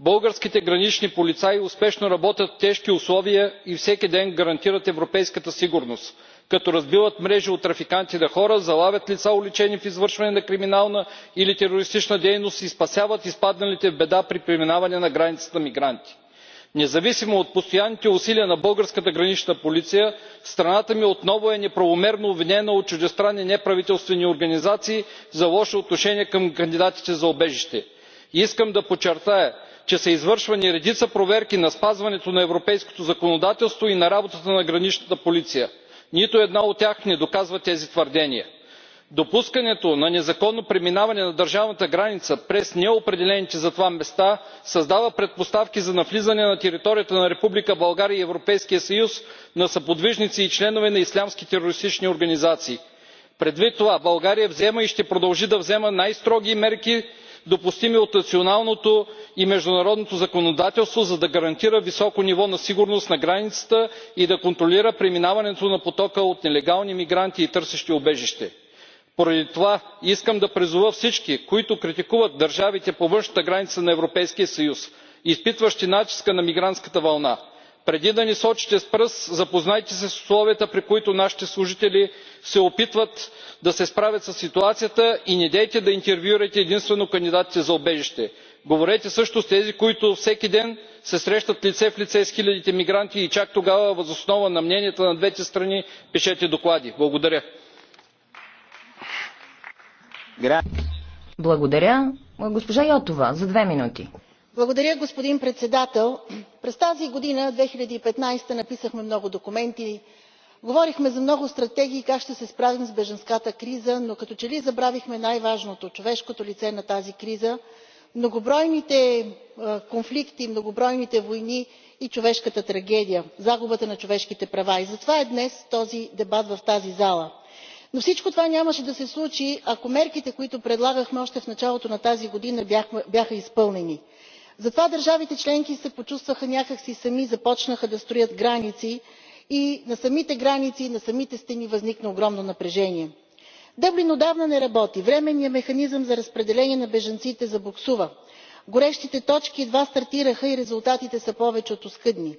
българските гранични полицаи успешно работят в тежки условия и всеки ден гарантират европейската сигурност като разбиват мрежи от трафиканти на хора залавят лица уличени в извършване на криминална или терористична дейност и спасяват изпадналите в беда при преминаване на границата мигранти. независимо от постоянните усилия на българската гранична полиция страната ми отново е неправомерно обвинена от чуждестранни неправителствени организации за лошо отношение към кандидатите за убежище. искам да подчертая че са извършвани редица проверки на спазването на европейското законодателство и на работата на граничната полиция нито една от тях не доказва тези твърдения. допускането на незаконно преминаване на държавната граница през неопределените за това места създава предпоставки за навлизане на територията на република българия и европейския съюз на съподвижници и членове на ислямски терористични организации. предвид това българия взема и ще продължи да взема най строги мерки допустими от националното и международното законодателство за да гарантира високо ниво на сигурност на границата и да контролира преминаването на потока от нелегални мигранти и търсещи убежище. поради това искам да призова всички които критикуват държавите по външната граница на европейския съюз изпитващи натиска на мигрантската вълна преди да ни сочите с пръст запознайте се с условията при които нашите служители се опитват да се справят със ситуацията и недейте да интервюирате единствено кандидатите за убежище. говорете също с тези които всеки ден се срещат лице в лице с хилядите мигранти и чак тогава въз основа на мненията на двете страни пишете доклади. благодаря. Благодаря. Госпожа Йотова, за две минути. Благодаря господин председател през тази година две хиляди и петнадесета написахме много документи говорихме за много стратегии как ще се справим с бежанската криза но като че ли забравихме най важното човешкото лице на тази криза многобройните е, конфликти многобройните войни и човешката трагедия загубата на човешките права и затова е днес този дебат в тази зала. но всичко това нямаше да се случи ако мерките които предлагахме още в началото на тази година бяха изпълнени затова държавите членки се почувстваха някак си сами започнаха да строят граници и на самите граници на самите стени възникна огромно напрежение. дъблин отдавна не работи временният механизъм за разпределение на бежанците забуксува горещите точки едва стартираха и резултатите са повече от оскъдни.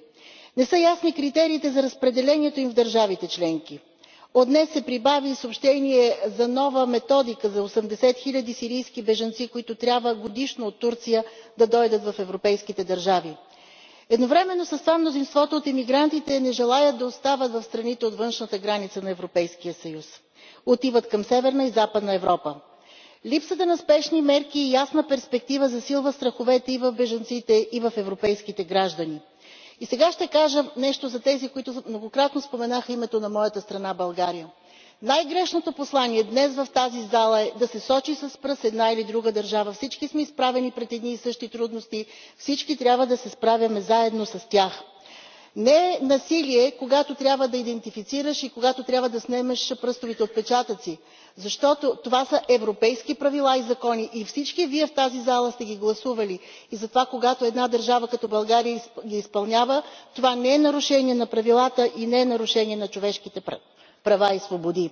не са ясни критериите за разпределението им в държавите членки от днес се прибави и съобщение за нова методика за осемдесет хиляди сирийски бежанци които трябва годишно от турция да дойдат в европейските държави. едновременно с това мнозинството от емигрантите не желаят да остават в страните от външната граница на европейския съюз отиват към северна и западна европа. липсата на спешни мерки и ясна перспектива засилва страховете и в бежанците и в европейските граждани и сега ще кажа нещо за тези които многократно споменаха името на моята страна българия. най грешното послание днес в тази зала е да се сочи с пръст една или друга държава. всички сме изправени пред едни и същи трудности всички трябва да се справяме заедно с тях. не е насилие когато трябва да идентифицираш и когато трябва да снемеш пръстовите отпечатъци защото това са европейски правила и закони и всички вие в тази зала сте ги гласували и затова когато една държава като България ги изпълнява това не е нарушение на правилата и не е нарушение на човешките права и свободи.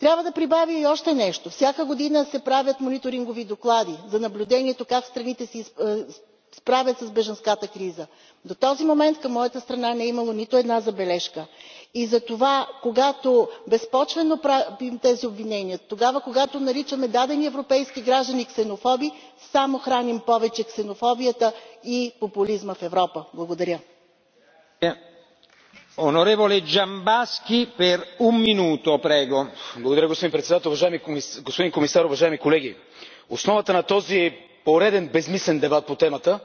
Трябва да прибавя и още нещо. Всяка година се правят мониторингови доклади за наблюдението как страните се справят с бежанската криза. До този момент към моята страна не е имало нито една забележка и затова когато безпочвено правим тези обвинения тогава когато наричаме дадени европейски граждани ксенофоби само храним повече ксенофобията и популизма в европа. благодаря. господин председател господин комисар уважаеми колеги! основата на този пореден безсмислен дебат по темата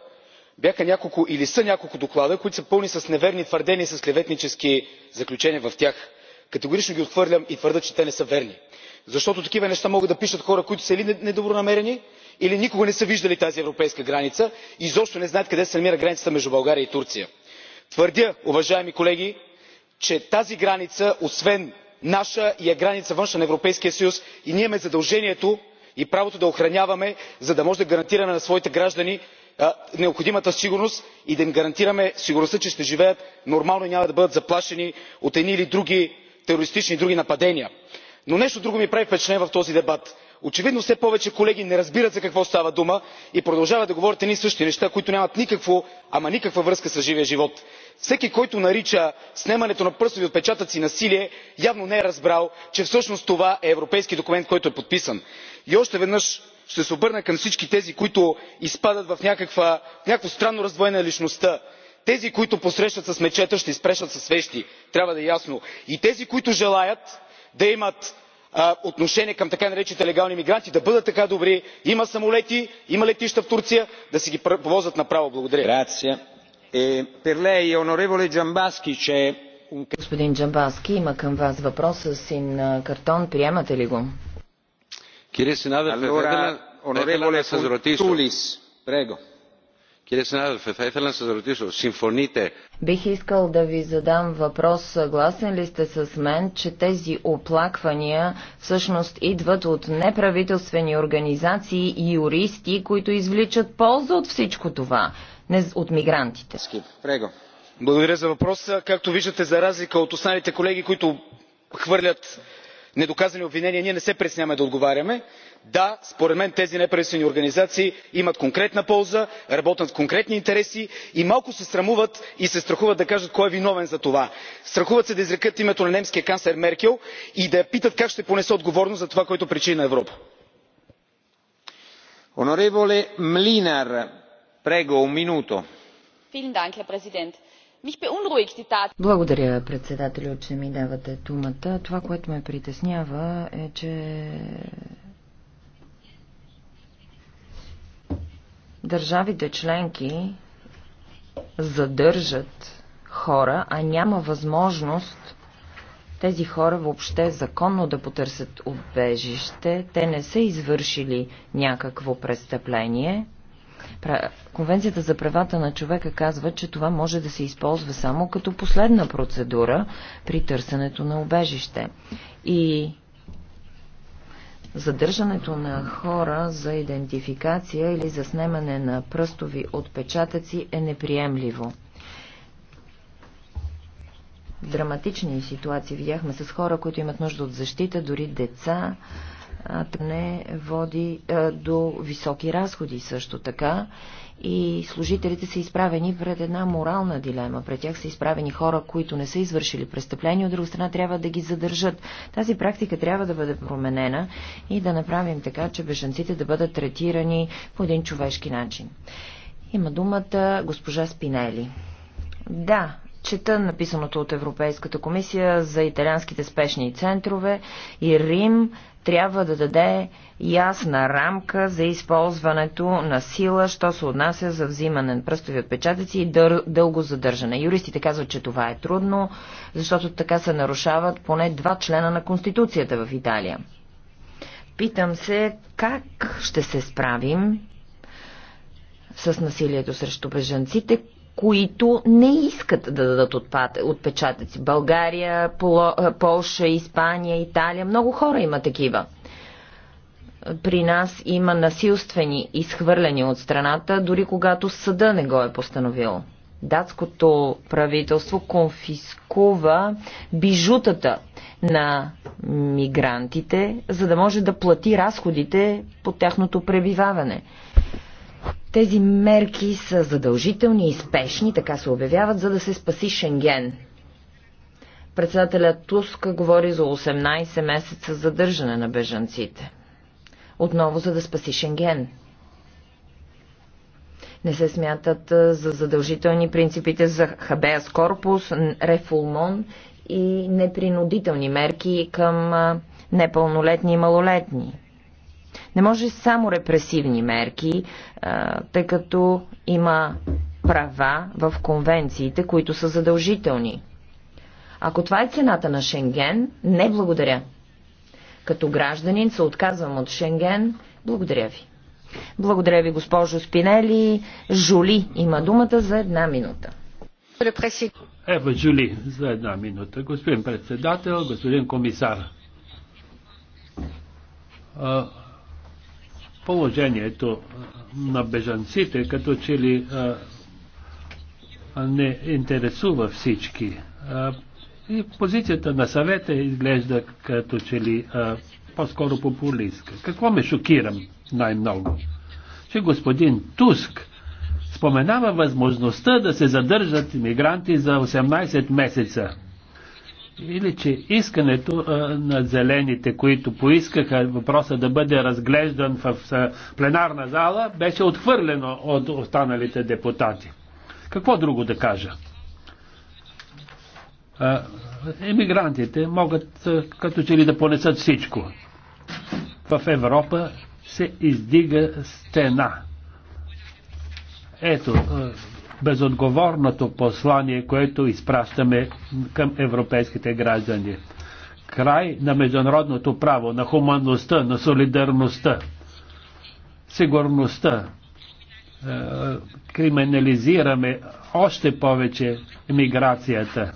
бяха няколко или са няколко доклада които са пълни с неверни твърдения и с клеветнически заключения в тях. категорично ги отхвърлям и твърдя че те не са верни защото такива неща могат да пишат хора които са или недобронамерени или никога не са виждали тази европейска граница и изобщо не знаят къде се намира границата между българя и турция. твърдя уважаеми колеги че тази граница освен наша и е граница външна на европейския съюз и ние имаме задължението и правото да я охраняваме за да можем да гарантираме на своите граждани необходимата сигурност и да им гарантираме сигурността че ще живеят нормално и няма да бъдат заплашени от едни или други терористични и други нападения. но нещо друго ми прави впечатление в този дебат. очевидно все повече колеги не разбират за какво става дума и продължават да говорят едни и същи неща които нямат никакво, ама никаква връзка с живия живот. всеки който нарича снемането на пръстови отпечатъци насилие явно не е разбрал че всъщност това е европейски документ който е подписан. и още веднъж ще се обърна към всички тези които изпадат в някакво странно раздвоение на личността тези които посрещат с мечета ще изпрещат със свещи трябва да е ясно и тези които желаят да имат отношение към така наречените легални мигранти да бъдат така добри има самолети има летища в турция да си ги превозват направо. благодаря. Е, господин Джамбаски, има към вас въпрос с син картон приемате ли го? Κύριε συνάδελφε, θα ήθελα να σας ρωτήσω. Κύριε συνάδελφε, θα ήθελα να σας ρωτήσω, συμφωνείτε... Бих искал да ви задам въпрос, съгласен ли сте с мен, че тези оплаквания всъщност идват от неправителствени организации и юристи, които извличат полза от всичко това, не от мигрантите? Благодаря за въпроса. Както виждате, за разлика от останалите колеги, които хвърлят недоказани обвинения ние не се притесняваме да отговаряме. да според мен тези неправителствени организации имат конкретна полза работят в конкретни интереси и малко се срамуват и се страхуват да кажат кой е виновен за това. страхуват се да изрекат името на немския канцлер меркел и да я питат как ще понесе отговорност за това което причини на европа. herr präsident! Благодаря, председателю, че ми давате думата. Това, което ме притеснява е, че държавите членки задържат хора, а няма възможност тези хора въобще законно да потърсят убежище. Те не са извършили някакво престъпление. Конвенцията за правата на човека казва, че това може да се използва само като последна процедура при търсенето на убежище. И задържането на хора за идентификация или за снемане на пръстови отпечатъци е неприемливо драматични ситуации видяхме с хора, които имат нужда от защита, дори деца, не води до високи разходи също така и служителите са изправени пред една морална дилема. Пред тях са изправени хора, които не са извършили престъпления, от друга страна трябва да ги задържат. Тази практика трябва да бъде променена и да направим така, че бежанците да бъдат третирани по един човешки начин. Има думата госпожа Спинели. Да, чета написаното от Европейската комисия за италианските спешни центрове и Рим трябва да даде ясна рамка за използването на сила, що се отнася за взимане на пръстови отпечатъци и дър, дълго задържане. Юристите казват, че това е трудно, защото така се нарушават поне два члена на Конституцията в Италия. Питам се как ще се справим с насилието срещу бежанците които не искат да дадат отпечатъци. България, Полша, Испания, Италия, много хора има такива. При нас има насилствени изхвърляни от страната, дори когато съда не го е постановил. Датското правителство конфискува бижутата на мигрантите, за да може да плати разходите по тяхното пребиваване. Тези мерки са задължителни и спешни, така се обявяват, за да се спаси Шенген. Председателят Туск говори за 18 месеца задържане на бежанците. Отново за да спаси Шенген. Не се смятат за задължителни принципите за хабеас корпус, рефулмон и непринудителни мерки към непълнолетни и малолетни. Не може само репресивни мерки, тъй като има права в конвенциите, които са задължителни. Ако това е цената на Шенген, не благодаря. Като гражданин се отказвам от Шенген. Благодаря ви. Благодаря ви, госпожо Спинели. Жули има думата за една минута. Ева Жули за една минута. Господин председател, господин комисар положението на бежанците като че ли а, не интересува всички. А, и позицията на съвета изглежда като че ли по-скоро популистка. Какво ме шокирам най-много? Че господин Туск споменава възможността да се задържат иммигранти за 18 месеца или че искането на зелените, които поискаха въпроса да бъде разглеждан в пленарна зала, беше отхвърлено от останалите депутати. Какво друго да кажа? Емигрантите могат като че ли да понесат всичко. В Европа се издига стена. Ето, безотговорното послание, което изпращаме към европейските граждани. Край на международното право, на хуманността, на солидарността, сигурността. Е, криминализираме още повече миграцията.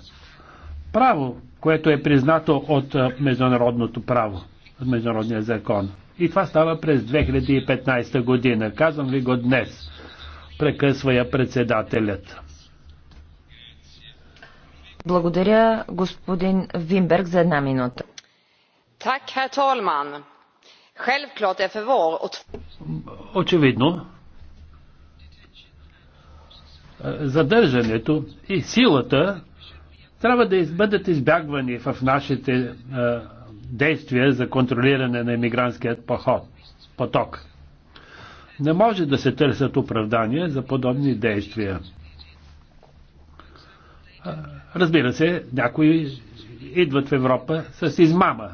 Право, което е признато от е, международното право, от международния закон. И това става през 2015 година. Казвам ви го днес. Прекъсва я председателят. Благодаря, господин Вимберг, за една минута. Е Очевидно, задържането и силата трябва да бъдат избягвани в нашите действия за контролиране на иммигрантският поток. Не може да се търсят оправдания за подобни действия. Разбира се, някои идват в Европа с измама.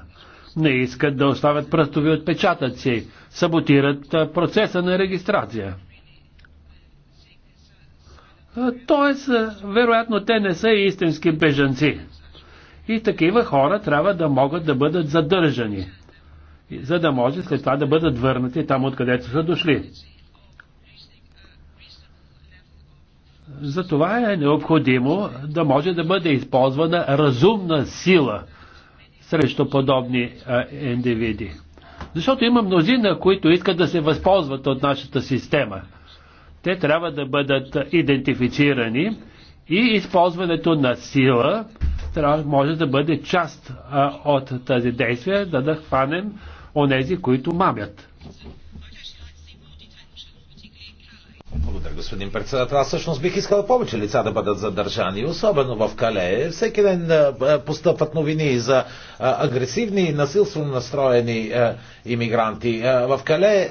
Не искат да оставят пръстови отпечатъци, саботират процеса на регистрация. Тоест, вероятно, те не са истински бежанци. И такива хора трябва да могат да бъдат задържани за да може след това да бъдат върнати там, откъдето са дошли. Затова е необходимо да може да бъде използвана разумна сила срещу подобни а, индивиди. Защото има мнозина, които искат да се възползват от нашата система. Те трябва да бъдат идентифицирани и използването на сила трябва, може да бъде част а, от тази действие, да да хванем онези, които мамят. Благодаря, господин председател. Аз всъщност бих искал повече лица да бъдат задържани, особено в Кале. Всеки ден постъпват новини за агресивни и насилствено настроени иммигранти. В Кале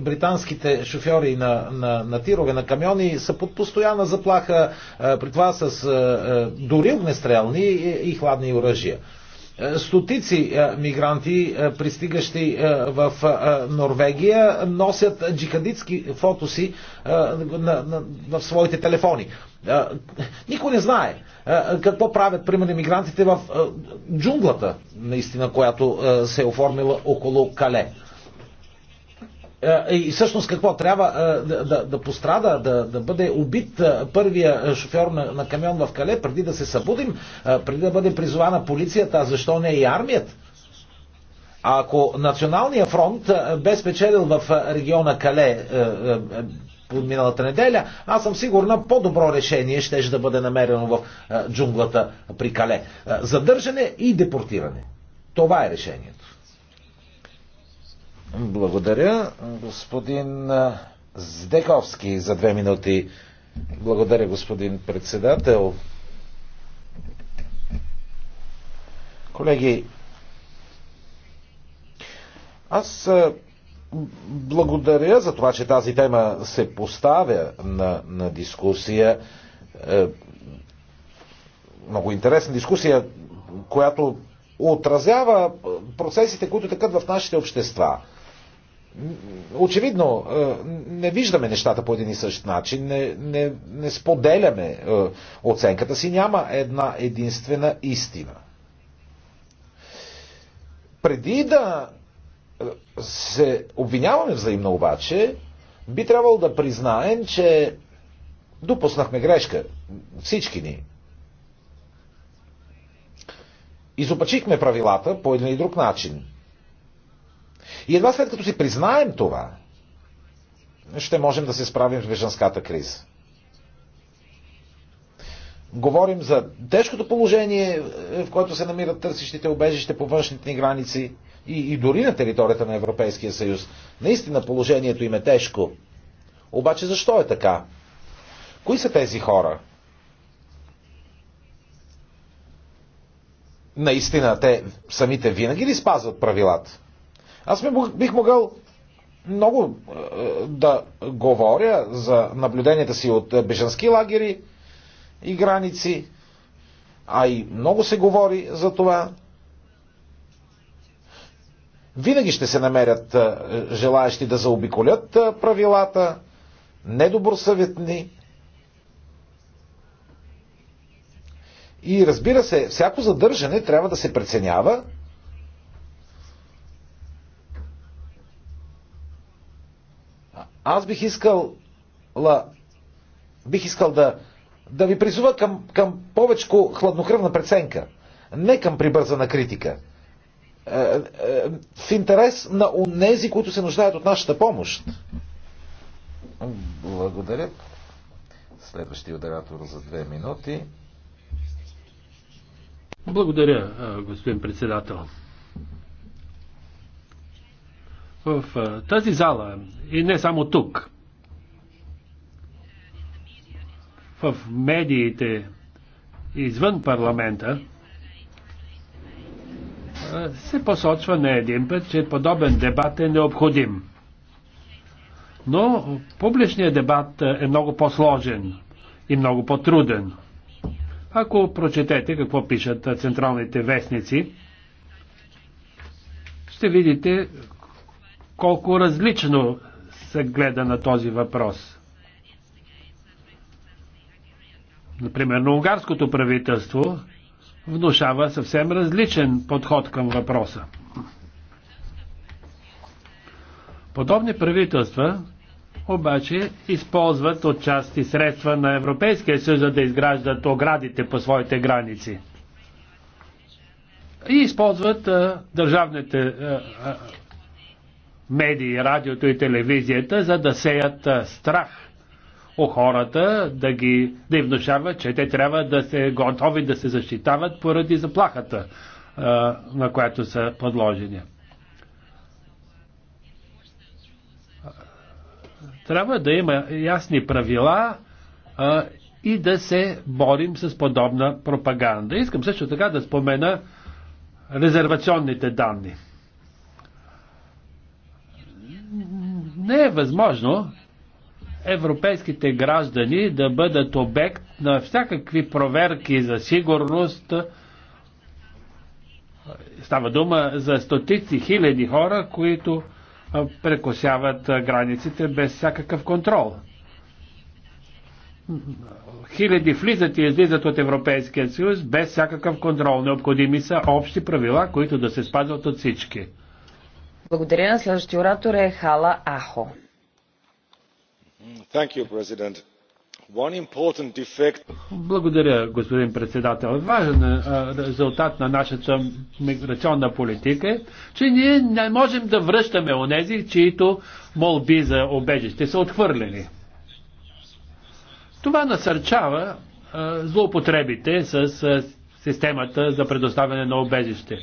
британските шофьори на, на, на тирове, на камиони са под постоянна заплаха, при това с дори огнестрелни и хладни оръжия. Е, стотици е, мигранти, е, пристигащи в Норвегия, носят джихадитски фотоси в своите телефони. Никой не знае какво правят, примерно, мигрантите в джунглата, наистина, която се е оформила около Кале. Е, и всъщност какво трябва е, да, да, да пострада, да, да бъде убит е, първия шофьор на, на камион в Кале, преди да се събудим, преди да бъде призована полицията, а защо не и армията? А ако Националния фронт бе спечелил в региона Кале под миналата неделя, аз съм сигурна по-добро решение ще, ще да бъде намерено в джунглата при Кале. Задържане и депортиране. Това е решението. Благодаря. Господин Здековски за две минути. Благодаря, господин председател. Колеги, аз благодаря за това, че тази тема се поставя на, на дискусия. Е, много интересна дискусия, която отразява процесите, които тъкат в нашите общества – очевидно е, не виждаме нещата по един и същ начин, не, не, не споделяме е, оценката си, няма една единствена истина. Преди да е, се обвиняваме взаимно обаче, би трябвало да признаем, че допуснахме грешка. Всички ни. Изопачихме правилата по един и друг начин. И едва след като си признаем това, ще можем да се справим с бежанската криза. Говорим за тежкото положение, е, в което се намират търсещите обежище по външните ни граници и, и дори на територията на Европейския съюз. Наистина положението им е тежко. Обаче защо е така? Кои са тези хора? Наистина, те самите винаги ли спазват правилата? Аз бих могъл много е, да говоря за наблюденията си от е, бежански лагери и граници, а и много се говори за това. Винаги ще се намерят е, желаящи да заобиколят правилата, недобросъветни. И разбира се, всяко задържане трябва да се преценява Аз бих искал, ла, бих искал да, да ви призува към, към повече хладнокръвна преценка, не към прибързана критика. Е, е, в интерес на онези, които се нуждаят от нашата помощ. Благодаря. Следващия оператор за две минути. Благодаря, е, господин председател в тази зала и не само тук, в медиите извън парламента, се посочва не един път, че подобен дебат е необходим. Но публичният дебат е много по-сложен и много по-труден. Ако прочетете какво пишат централните вестници, ще видите колко различно се гледа на този въпрос. Например, на унгарското правителство внушава съвсем различен подход към въпроса. Подобни правителства обаче използват отчасти средства на Европейския съюз, за да изграждат оградите по своите граници. И използват а, държавните а, а, медии, радиото и телевизията, за да сеят страх у хората, да, ги, да внушават, че те трябва да се готови да се защитават поради заплахата, на която са подложени. Трябва да има ясни правила и да се борим с подобна пропаганда. Искам също така да спомена резервационните данни. не е възможно европейските граждани да бъдат обект на всякакви проверки за сигурност. Става дума за стотици хиляди хора, които прекосяват границите без всякакъв контрол. Хиляди влизат и излизат от Европейския съюз без всякакъв контрол. Необходими са общи правила, които да се спазват от всички. Благодаря. Следващия оратор е Хала Ахо. You, Благодаря, господин председател. Важен а, е, е, резултат на нашата миграционна политика е, че ние не можем да връщаме онези, чието молби за обежище са отхвърлени. Това насърчава а, е, злоупотребите с а, системата за предоставяне на обежище.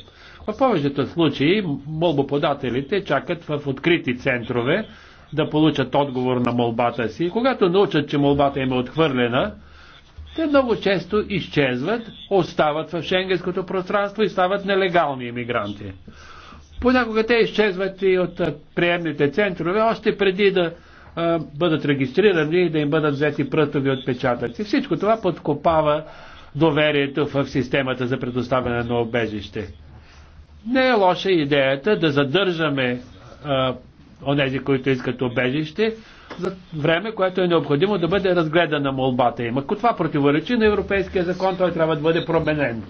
В повечето случаи молбоподателите чакат в открити центрове да получат отговор на молбата си. Когато научат, че молбата им е отхвърлена, те много често изчезват, остават в шенгенското пространство и стават нелегални иммигранти. Понякога те изчезват и от приемните центрове, още преди да а, бъдат регистрирани и да им бъдат взети пръстови отпечатъци. Всичко това подкопава доверието в системата за предоставяне на обежище. Не е лоша идеята да задържаме а, онези, които искат обежище, за време, което е необходимо да бъде разгледана молбата им. Ако това противоречи на европейския закон, той трябва да бъде променен.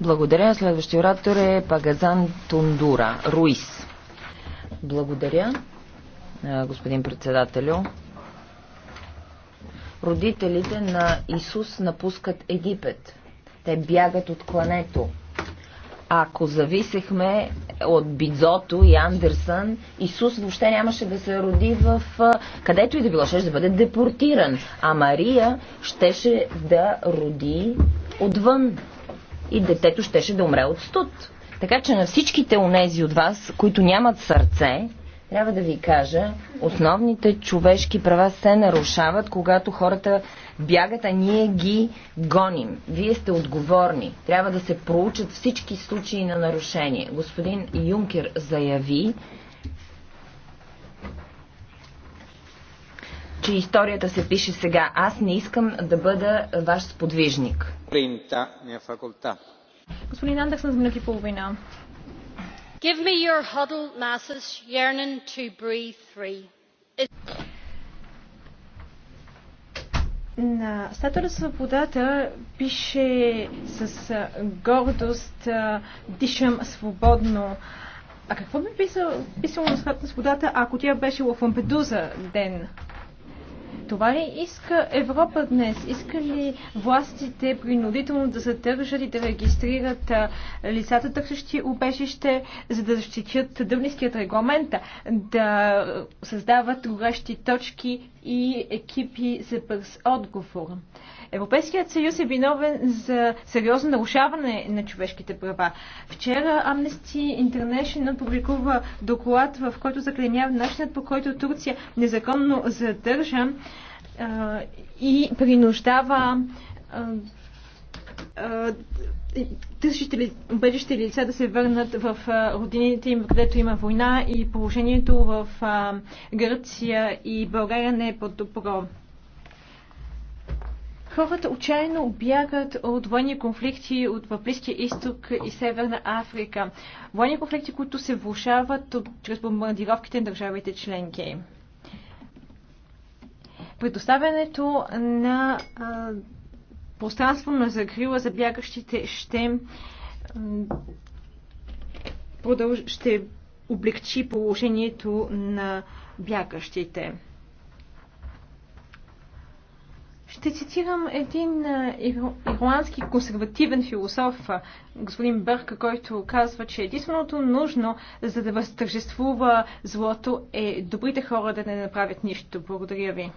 Благодаря. Следващия оратор е Пагазан Тундура Руис. Благодаря, господин председателю. Родителите на Исус напускат Египет. Те бягат от клането. Ако зависехме от Бидзото и Андерсън, Исус въобще нямаше да се роди в където и да било, ще да бъде депортиран. А Мария щеше да роди отвън и детето щеше да умре от студ. Така че на всичките онези от вас, които нямат сърце, трябва да ви кажа, основните човешки права се нарушават, когато хората бягат, а ние ги гоним. Вие сте отговорни. Трябва да се проучат всички случаи на нарушение. Господин Юнкер заяви, че историята се пише сега. Аз не искам да бъда ваш сподвижник. Принта, е факулта. Господин Андерсън, за минути половина. Give me your huddled masses yearning to breathe free. На статуя на свободата пише с гордост дишам свободно. А какво би писало, писало на статуя на свободата, ако тя беше в Лампедуза ден? Това ли иска Европа днес? Иска ли властите принудително да задържат и да регистрират лицата, търсещи убежище, за да защитят дъвниският регламент, да създават горещи точки и екипи за бърз отговор? Европейският съюз е виновен за сериозно нарушаване на човешките права. Вчера Amnesty International публикува доклад, в който заклинява начинът по който Турция незаконно задържа а, и принуждава тъщите а, убежище лица да се върнат в родините им, където има война и положението в Гърция и България не е по-добро. Хората отчаяно бягат от военни конфликти от Близкия изток и Северна Африка. Военни конфликти, които се влушават от, чрез бомбардировките на държавите членки. Предоставянето на а, пространство на закрила за бягащите ще, ще облегчи положението на бягащите. Ще цитирам един ирландски консервативен философ, господин Бърка, който казва, че единственото нужно, за да възтържествува злото, е добрите хора да не направят нищо. Благодаря ви.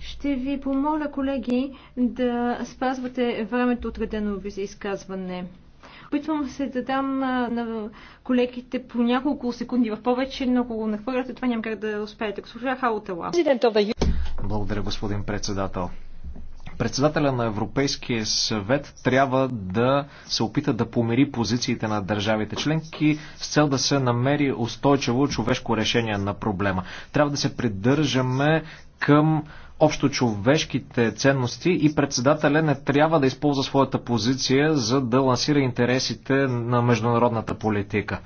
Ще ви помоля, колеги, да спазвате времето отредено ви за изказване. Опитвам се да дам на колегите по няколко секунди в повече, но ако го нахвърляте, това няма как да успеете. Госпожа Хаутела. Благодаря, господин председател председателя на Европейския съвет трябва да се опита да помири позициите на държавите членки с цел да се намери устойчиво човешко решение на проблема. Трябва да се придържаме към общочовешките ценности и председателя не трябва да използва своята позиция, за да лансира интересите на международната политика.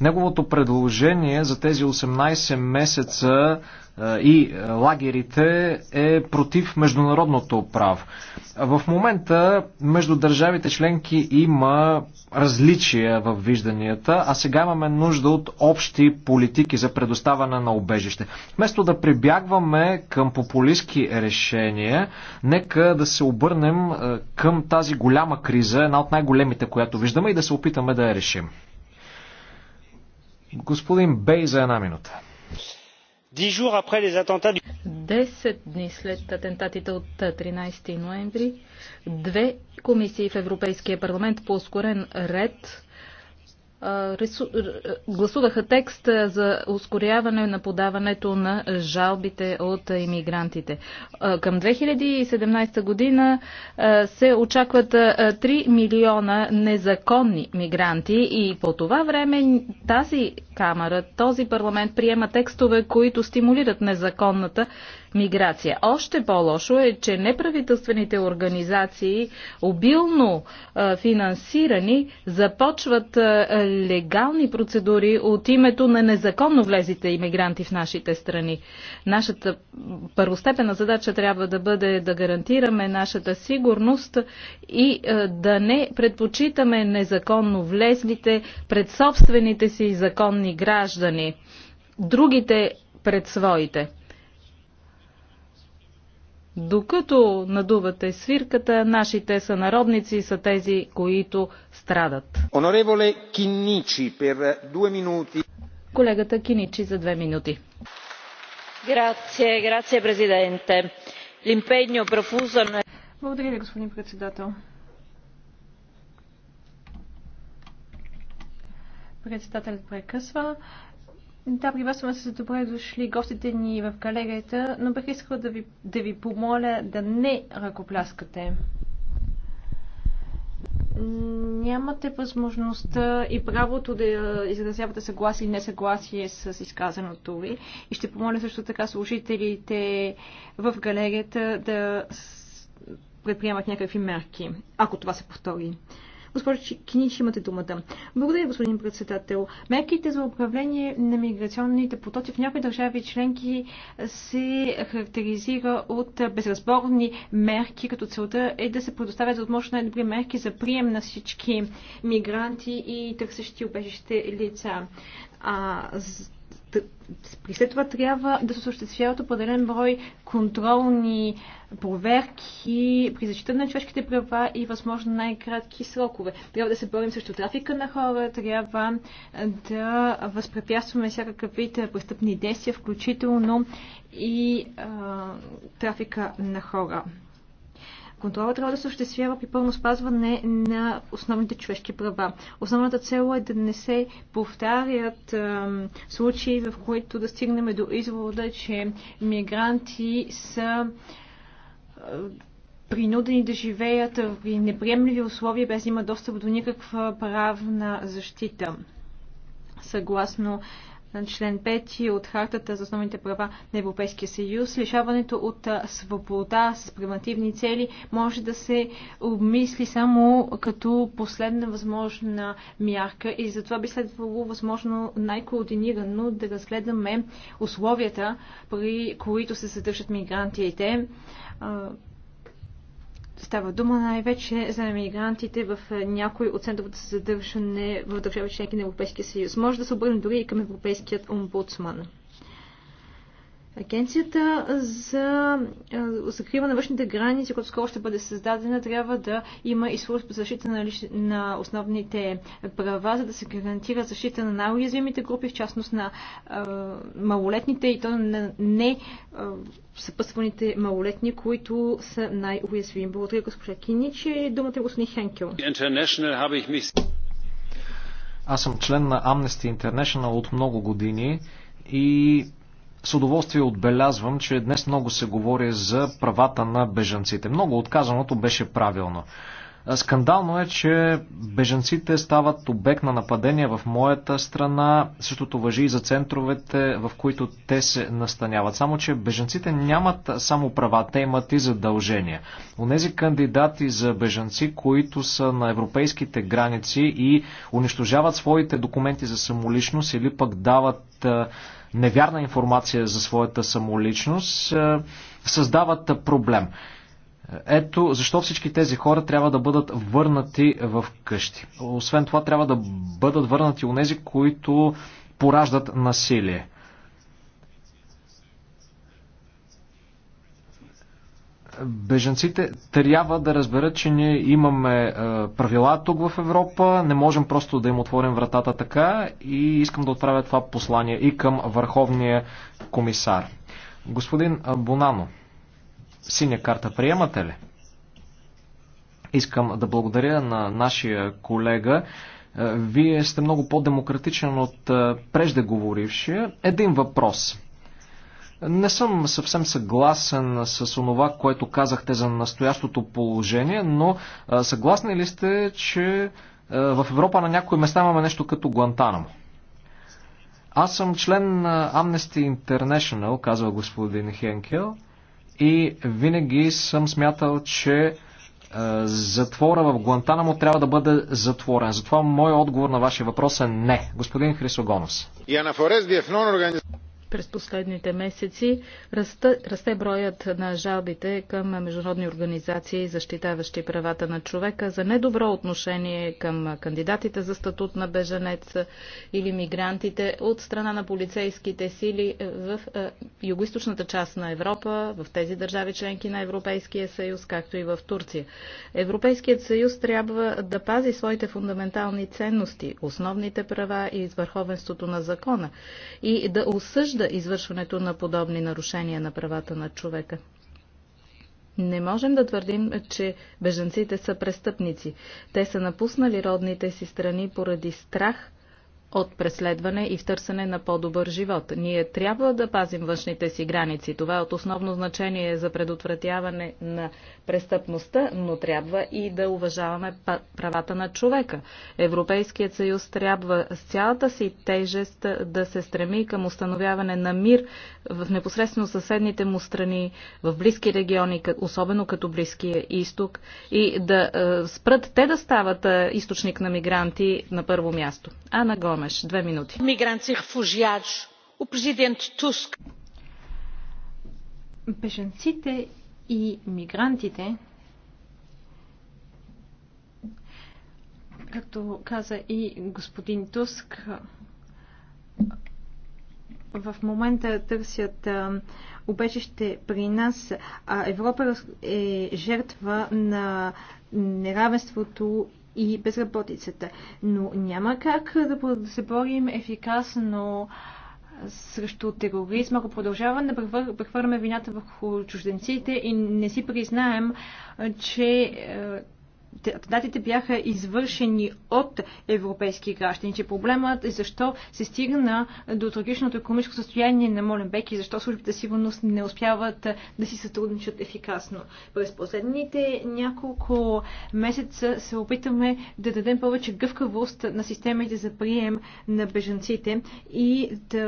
Неговото предложение за тези 18 месеца и лагерите е против международното право. В момента между държавите членки има различия в вижданията, а сега имаме нужда от общи политики за предоставане на обежище. Вместо да прибягваме към популистски решения, нека да се обърнем към тази голяма криза, една от най-големите, която виждаме и да се опитаме да я решим. Господин Бей за една минута. Десет дни след атентатите от 13 ноември, две комисии в Европейския парламент по ускорен ред ресу... гласуваха текст за ускоряване на подаването на жалбите от иммигрантите. Към 2017 година се очакват 3 милиона незаконни мигранти и по това време тази камера, този парламент приема текстове, които стимулират незаконната миграция. Още по-лошо е, че неправителствените организации, обилно финансирани, започват легални процедури от името на незаконно влезите иммигранти в нашите страни. Нашата първостепена задача трябва да бъде да гарантираме нашата сигурност и да не предпочитаме незаконно влезлите пред собствените си законни граждани, другите пред своите. Докато надувате свирката, нашите сънародници са тези, които страдат. Онореволе Киничи, пер две минути. Колегата Киничи за две минути. Грация, грация, президенте. профузо... Благодаря ви, господин председател. Председателят прекъсва. Да, приветстваме се добре дошли гостите ни в галерията, но бих искала да ви, да ви помоля да не ръкопляскате. Нямате възможността и правото да изразявате съгласие и несъгласие с изказаното ви. И ще помоля също така служителите в галерията да предприемат някакви мерки, ако това се повтори. Госпожо Кинич, имате думата. Благодаря, господин председател. Мерките за управление на миграционните потоци в някои държави членки се характеризира от безразборни мерки, като целта е да се предоставят възможно най-добри мерки за прием на всички мигранти и търсещи обежище лица. А, при след това трябва да се осъществяват определен брой контролни проверки при защита на човешките права и възможно най-кратки срокове. Трябва да се борим срещу трафика на хора, трябва да възпрепятстваме всякакъв вид престъпни действия, включително и а, трафика на хора. Контрола трябва да се осъществява при пълно спазване на основните човешки права. Основната цел е да не се повтарят случаи, в които да стигнем до извода, че мигранти са принудени да живеят в неприемливи условия, без да има достъп до никаква правна защита. Съгласно на член 5 от Хартата за основните права на Европейския съюз. Лишаването от свобода с примативни цели може да се обмисли само като последна възможна мярка и затова би следвало възможно най-координирано да разгледаме условията, при които се съдържат мигрантите Става дума най-вече за мигрантите в някои от центровете за задържане в държави членки на Европейския съюз. Може да се обърне дори и към Европейският омбудсман. Агенцията за закрива на външните граници, която скоро ще бъде създадена, трябва да има и служба за защита на, лич... на основните права, за да се гарантира защита на най-уязвимите групи, в частност на а, малолетните и то на не а, малолетни, които са най-уязвими. Благодаря, госпожа Киничи. Думата е господин Хенкел. Аз съм член на Amnesty International от много години и с удоволствие отбелязвам, че днес много се говори за правата на бежанците. Много отказаното беше правилно. Скандално е, че бежанците стават обект на нападения в моята страна. Същото въжи и за центровете, в които те се настаняват. Само, че бежанците нямат само права, те имат и задължения. Онези кандидати за бежанци, които са на европейските граници и унищожават своите документи за самоличност или пък дават невярна информация за своята самоличност, е, създават проблем. Ето защо всички тези хора трябва да бъдат върнати в къщи. Освен това трябва да бъдат върнати у нези, които пораждат насилие. беженците трябва да разберат, че ние имаме е, правила тук в Европа, не можем просто да им отворим вратата така и искам да отправя това послание и към Върховния комисар. Господин Бонано, синя карта приемате ли? Искам да благодаря на нашия колега. Е, вие сте много по-демократичен от е, преждеговорившия. Един въпрос. Не съм съвсем съгласен с онова, което казахте за настоящото положение, но съгласни ли сте, че в Европа на някои места имаме нещо като Гуантанамо? Аз съм член на Amnesty International, казва господин Хенкел, и винаги съм смятал, че затвора в Гуантанамо трябва да бъде затворен. Затова моят отговор на вашия въпрос е не. Господин Хрисогонос. През последните месеци расте, расте броят на жалбите към международни организации, защитаващи правата на човека за недобро отношение към кандидатите за статут на беженец или мигрантите от страна на полицейските сили в е, юго част на Европа, в тези държави членки на Европейския съюз, както и в Турция. Европейският съюз трябва да пази своите фундаментални ценности, основните права и върховенството на закона и да осъжда осъжда извършването на подобни нарушения на правата на човека. Не можем да твърдим, че беженците са престъпници. Те са напуснали родните си страни поради страх – от преследване и в търсене на по-добър живот. Ние трябва да пазим външните си граници. Това е от основно значение за предотвратяване на престъпността, но трябва и да уважаваме правата на човека. Европейският съюз трябва с цялата си тежест да се стреми към установяване на мир в непосредствено съседните му страни, в близки региони, особено като Близкия изток, и да е, спрат те да стават е, източник на мигранти на първо място. Ана Гоме Гомеш. и O и мигрантите, както каза и господин Туск, в момента търсят убежище при нас, а Европа е жертва на неравенството и безработицата. Но няма как да се борим ефикасно срещу тероризма, ако продължаваме да прехвърляме вината върху чужденците и не си признаем, че е, атентатите бяха извършени от европейски граждани, че проблемът е защо се стигна до трагичното економическо състояние на Моленбек и защо службите сигурност не успяват да си сътрудничат ефикасно. През последните няколко месеца се опитаме да дадем повече гъвкавост на системите за прием на бежанците и да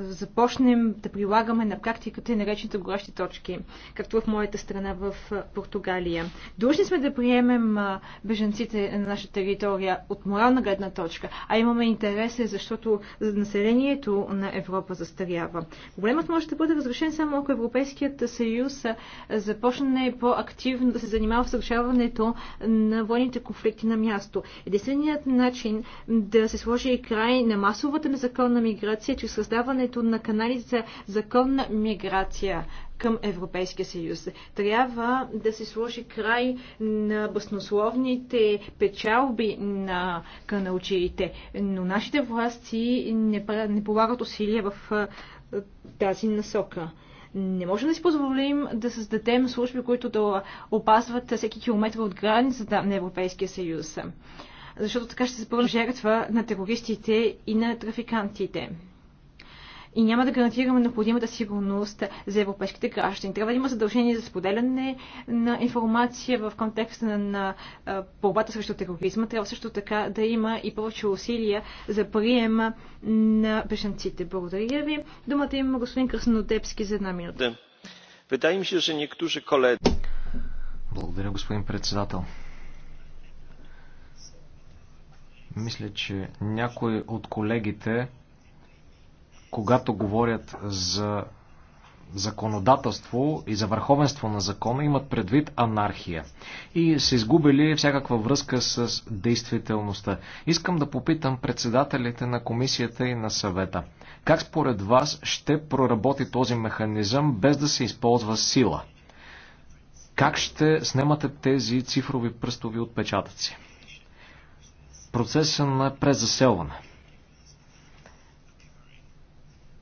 започнем да прилагаме на практиката и наречените горещи точки, както в моята страна в Португалия. Дължни сме да приемем беженците на нашата територия от морална гледна точка, а имаме интерес, защото населението на Европа застарява. Проблемът може да бъде разрешен само ако Европейският съюз започне по-активно да се занимава с решаването на военните конфликти на място. Единственият начин да се сложи и край на масовата незаконна миграция, е чрез създаването на канали за законна миграция към Европейския съюз. Трябва да се сложи край на баснословните печалби на каналчиите, но нашите власти не, не полагат усилия в тази насока. Не можем да си позволим да създадем служби, които да опазват всеки километр от границата на Европейския съюз, защото така ще се пълна жертва на терористите и на трафикантите и няма да гарантираме необходимата сигурност за европейските граждани. Трябва да има задължение за споделяне на информация в контекста на борбата срещу тероризма. Трябва също така да има и повече усилия за приема на бежанците. Благодаря ви. Думата има господин Краснодепски за една минута. Да. mi се, че niektórzy koledzy. Благодаря, господин председател. Мисля, че някой от колегите когато говорят за законодателство и за върховенство на закона имат предвид анархия и са изгубили всякаква връзка с действителността. Искам да попитам председателите на комисията и на съвета. Как според вас ще проработи този механизъм без да се използва сила? Как ще снимате тези цифрови пръстови отпечатъци? Процесът на презаселване.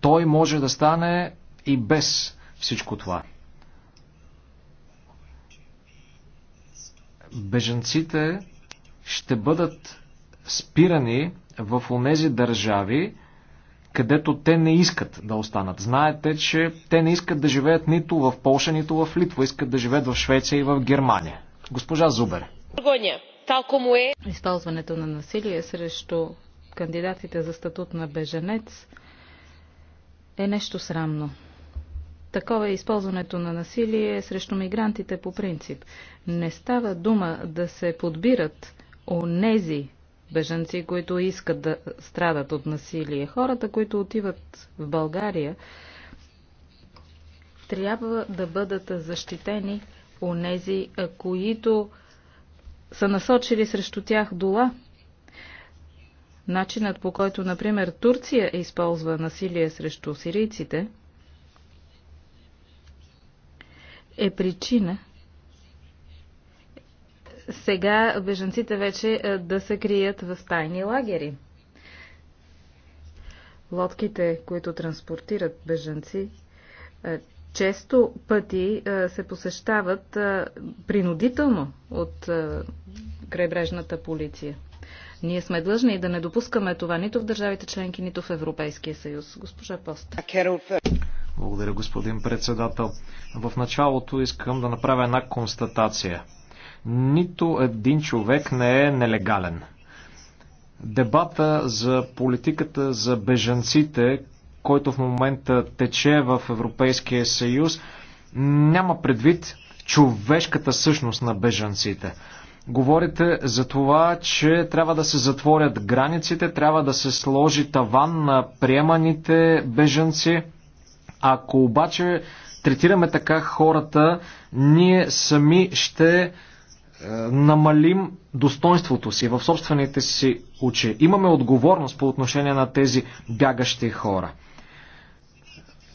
Той може да стане и без всичко това. Беженците ще бъдат спирани в онези държави, където те не искат да останат. Знаете, че те не искат да живеят нито в Польша, нито в Литва, искат да живеят в Швеция и в Германия. Госпожа Зубер. Е? Използването на насилие срещу кандидатите за статут на беженец е нещо срамно. Такова е използването на насилие срещу мигрантите по принцип. Не става дума да се подбират онези бежанци, които искат да страдат от насилие. Хората, които отиват в България, трябва да бъдат защитени онези, които са насочили срещу тях дола начинът по който, например, Турция използва насилие срещу сирийците, е причина сега бежанците вече е, да се крият в тайни лагери. Лодките, които транспортират бежанци, е, често пъти е, се посещават принудително от крайбрежната полиция. Ние сме длъжни да не допускаме това нито в държавите членки, нито в Европейския съюз. Госпожа Пост. Благодаря, господин председател. В началото искам да направя една констатация. Нито един човек не е нелегален. Дебата за политиката за бежанците, който в момента тече в Европейския съюз, няма предвид човешката същност на бежанците. Говорите за това, че трябва да се затворят границите, трябва да се сложи таван на приеманите бежанци. Ако обаче третираме така хората, ние сами ще е, намалим достоинството си в собствените си очи. Имаме отговорност по отношение на тези бягащи хора.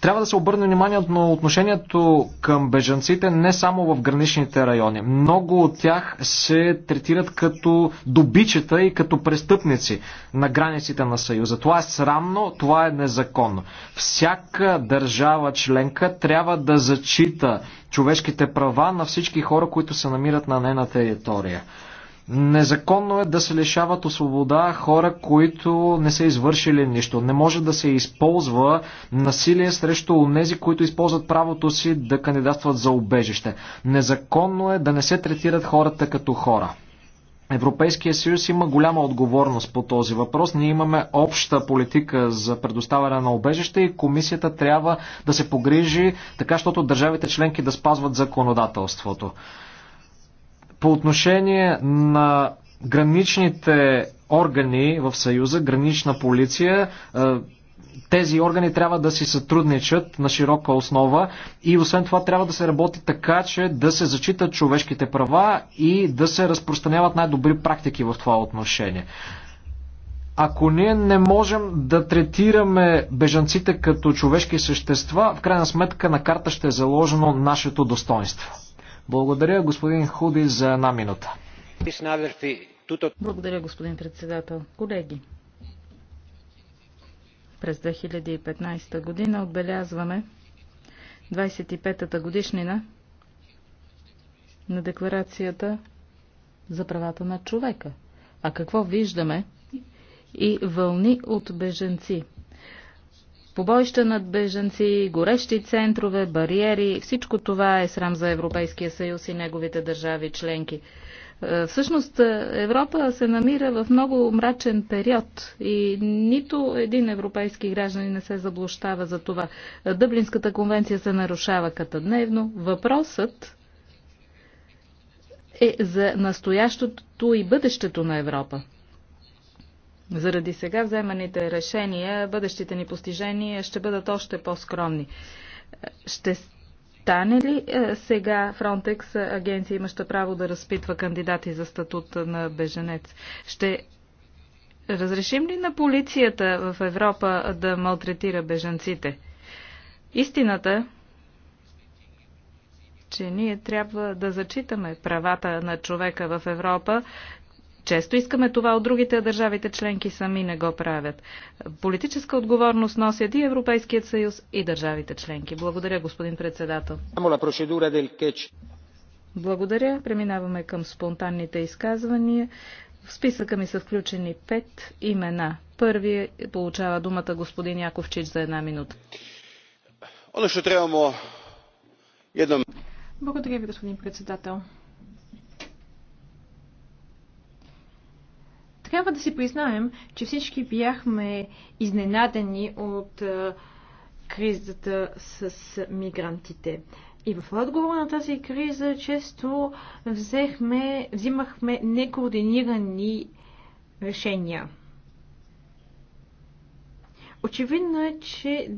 Трябва да се обърне внимание на отношението към бежанците не само в граничните райони. Много от тях се третират като добичета и като престъпници на границите на Съюза. Това е срамно, това е незаконно. Всяка държава членка трябва да зачита човешките права на всички хора, които се намират на нейна територия. Незаконно е да се лишават от свобода хора, които не са извършили нищо. Не може да се използва насилие срещу онези, които използват правото си да кандидатстват за убежище. Незаконно е да не се третират хората като хора. Европейския съюз има голяма отговорност по този въпрос. Ние имаме обща политика за предоставяне на обежище и комисията трябва да се погрижи така, защото държавите членки да спазват законодателството. По отношение на граничните органи в Съюза, гранична полиция, е, тези органи трябва да си сътрудничат на широка основа и освен това трябва да се работи така, че да се зачитат човешките права и да се разпространяват най-добри практики в това отношение. Ако ние не можем да третираме бежанците като човешки същества, в крайна сметка на карта ще е заложено нашето достоинство. Благодаря, господин Худи, за една минута. Благодаря, господин председател. Колеги, през 2015 година отбелязваме 25-та годишнина на Декларацията за правата на човека. А какво виждаме? И вълни от беженци побоища над беженци, горещи центрове, бариери. Всичко това е срам за Европейския съюз и неговите държави членки. Е, всъщност е, Европа се намира в много мрачен период и нито един европейски гражданин не се заблощава за това. Е, Дъблинската конвенция се нарушава като дневно. Въпросът е за настоящото и бъдещето на Европа. Заради сега вземаните решения, бъдещите ни постижения ще бъдат още по-скромни. Ще стане ли е, сега Фронтекс агенция, имаща право да разпитва кандидати за статут на беженец? Ще разрешим ли на полицията в Европа да малтретира беженците? Истината че ние трябва да зачитаме правата на човека в Европа често искаме това от другите, държавите членки сами не го правят. Политическа отговорност носят и Европейският съюз, и държавите членки. Благодаря, господин председател. Благодаря. Преминаваме към спонтанните изказвания. В списъка ми са включени пет имена. Първи получава думата господин Яковчич за една минута. Благодаря ви, господин председател. Трябва да си признаем, че всички бяхме изненадени от кризата с мигрантите. И в отговор на тази криза често взехме, взимахме некоординирани решения. Очевидно е, че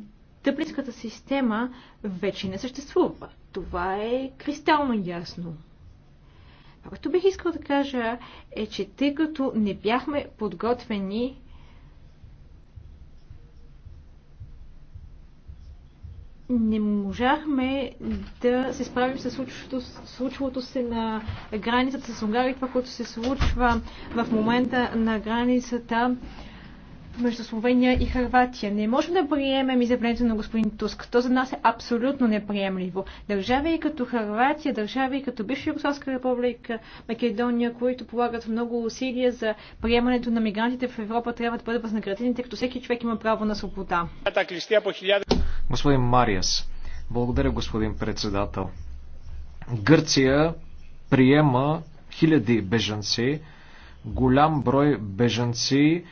дъблинската система вече не съществува. Това е кристално ясно. Това, което бих искал да кажа е, че тъй като не бяхме подготвени, не можахме да се справим с случващото, случващото се на границата с Унгария, това, което се случва в момента на границата между Словения и Харватия. Не можем да приемем изявлението на господин Туск. То за нас е абсолютно неприемливо. Държави и като Харватия, държави и като бивша Югославска република, Македония, които полагат много усилия за приемането на мигрантите в Европа, трябва да бъдат възнаградени, тъй като всеки човек има право на свобода. Господин Мариас, благодаря господин председател. Гърция приема хиляди бежанци, голям брой бежанци,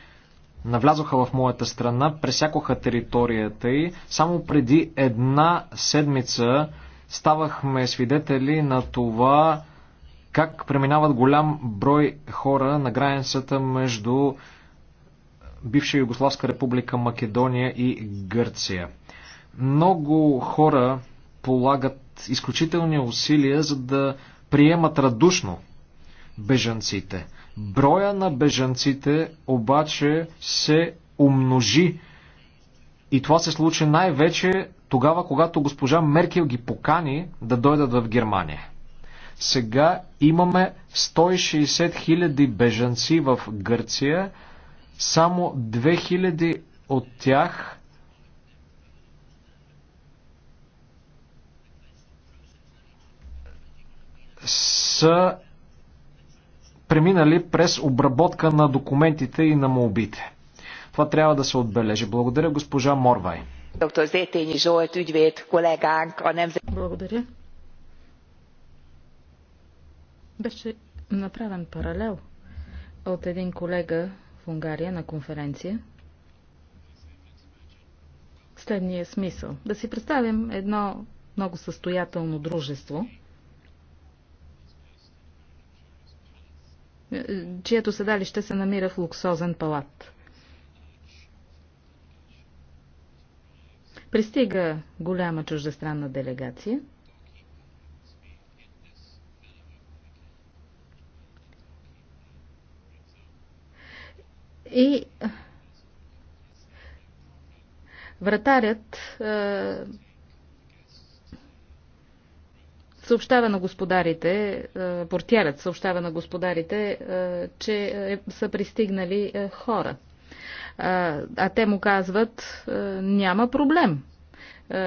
навлязоха в моята страна, пресякоха територията и Само преди една седмица ставахме свидетели на това как преминават голям брой хора на границата между бивша Югославска република Македония и Гърция. Много хора полагат изключителни усилия, за да приемат радушно бежанците. Броя на бежанците обаче се умножи и това се случи най-вече тогава, когато госпожа Меркел ги покани да дойдат в Германия. Сега имаме 160 000 бежанци в Гърция, само 2000 от тях са преминали през обработка на документите и на молбите. Това трябва да се отбележи. Благодаря госпожа Морвай. Благодаря. Беше направен паралел от един колега в Унгария на конференция. Следния смисъл. Да си представим едно много състоятелно дружество – чието седалище се намира в луксозен палат. Пристига голяма чуждестранна делегация. И вратарят съобщава на господарите, е, портиерът съобщава на господарите, е, че е, са пристигнали хора. А те му казват, няма проблем.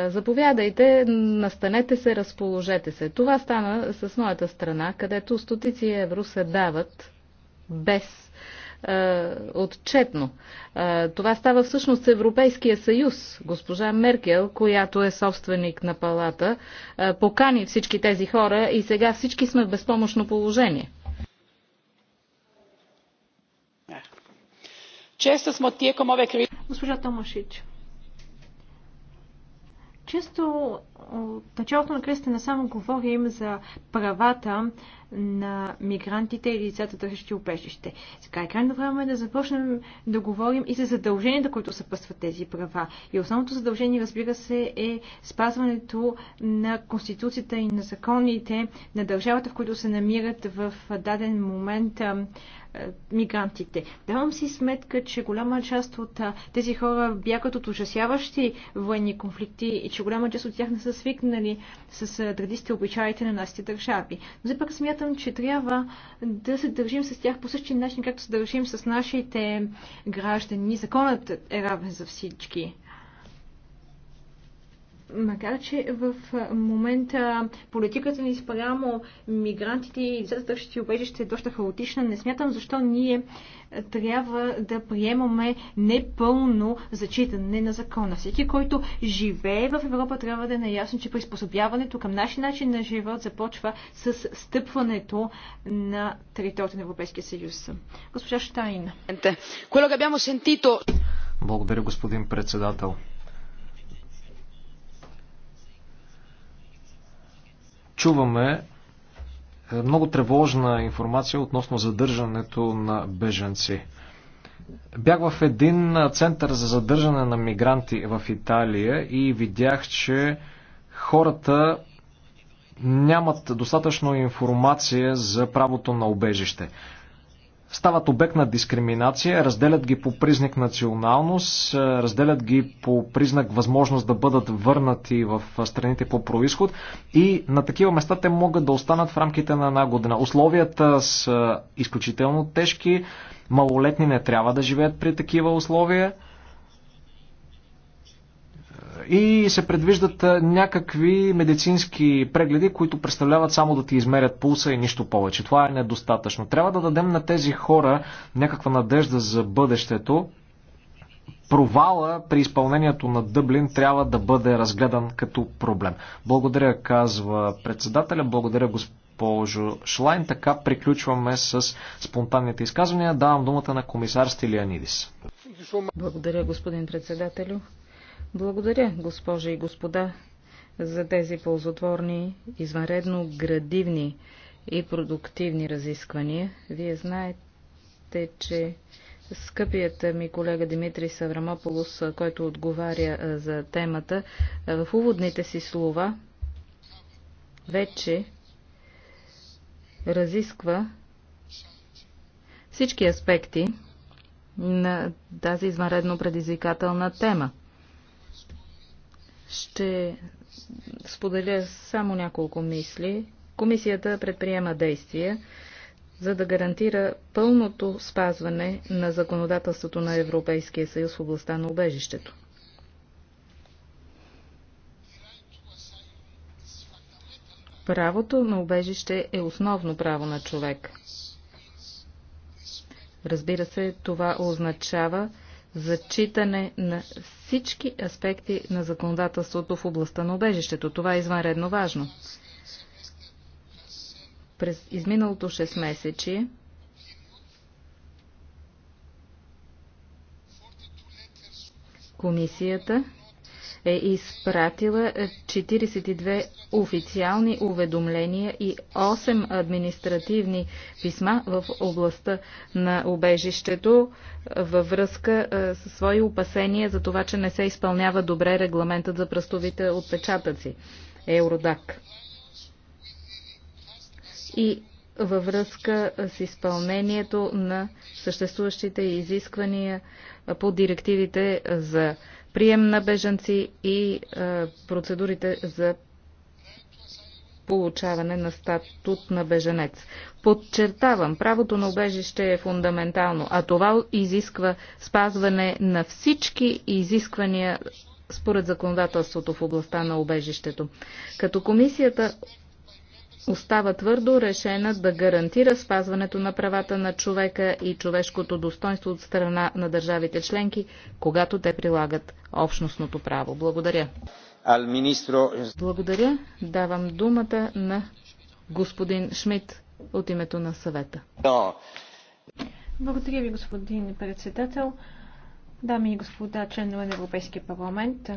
Заповядайте, настанете се, разположете се. Това стана с моята страна, където стотици евро се дават без е, отчетно. Е, това става всъщност Европейския съюз. Госпожа Меркел, която е собственик на палата, е, покани всички тези хора и сега всички сме в безпомощно положение. Често сме тиеком ове кризи. Госпожа Томашич. Често от началото на кризата не само говорим за правата на мигрантите и лицата, търсещи убежище. Сега е крайно време да започнем да говорим и за задълженията, които съпъстват тези права. И основното задължение, разбира се, е спазването на Конституцията и на законите на държавата, в които се намират в даден момент е, мигрантите. Давам си сметка, че голяма част от е, тези хора бягат от ужасяващи военни конфликти и че голяма част от тях не са свикнали с е, традициите обичаите на нашите държави. Но все пак смятам, че трябва да се държим с тях по същия начин, както се държим с нашите граждани. Законът е равен за всички. Макар, че в момента политиката ни спрямо мигрантите и лицата, търсещи убежище, е доста хаотична, не смятам защо ние трябва да приемаме непълно зачитане на закона. Всеки, който живее в Европа, трябва да е наясно, че приспособяването към нашия начин на живот започва с стъпването на територията на Европейския съюз. Госпожа Штайн. Благодаря, господин председател. чуваме е, много тревожна информация относно задържането на беженци. Бях в един център за задържане на мигранти в Италия и видях, че хората нямат достатъчно информация за правото на обежище стават обект на дискриминация, разделят ги по признак националност, е, разделят ги по признак възможност да бъдат върнати в страните по происход и на такива места те могат да останат в рамките на една година. Условията са изключително тежки, малолетни не трябва да живеят при такива условия и се предвиждат някакви медицински прегледи, които представляват само да ти измерят пулса и нищо повече. Това е недостатъчно. Трябва да дадем на тези хора някаква надежда за бъдещето. Провала при изпълнението на Дъблин трябва да бъде разгледан като проблем. Благодаря, казва председателя. Благодаря, госпожо Шлайн. Така приключваме с спонтанните изказвания. Давам думата на комисар Стилианидис. Благодаря, господин председателю. Благодаря, госпожи и господа, за тези ползотворни, извънредно градивни и продуктивни разисквания. Вие знаете, че скъпият ми колега Димитрий Саврамополос, който отговаря за темата, в уводните си слова вече разисква всички аспекти на тази извънредно предизвикателна тема – ще споделя само няколко мисли. Комисията предприема действия, за да гарантира пълното спазване на законодателството на Европейския съюз в областта на убежището. Правото на убежище е основно право на човек. Разбира се, това означава зачитане на всички аспекти на законодателството в областта на убежището. Това е извънредно важно. През изминалото 6 месечи комисията е изпратила 42 официални уведомления и 8 административни писма в областта на обежището във връзка с свои опасения за това, че не се изпълнява добре регламентът за пръстовите отпечатъци Евродак. И във връзка с изпълнението на съществуващите изисквания по директивите за прием на беженци и е, процедурите за получаване на статут на беженец. Подчертавам, правото на убежище е фундаментално, а това изисква спазване на всички изисквания според законодателството в областта на убежището. Като комисията остава твърдо решена да гарантира спазването на правата на човека и човешкото достоинство от страна на държавите членки, когато те прилагат общностното право. Благодаря. Благодаря. Давам думата на господин Шмидт от името на съвета. Благодаря ви, господин председател. Дами и господа, членове на Европейския парламент,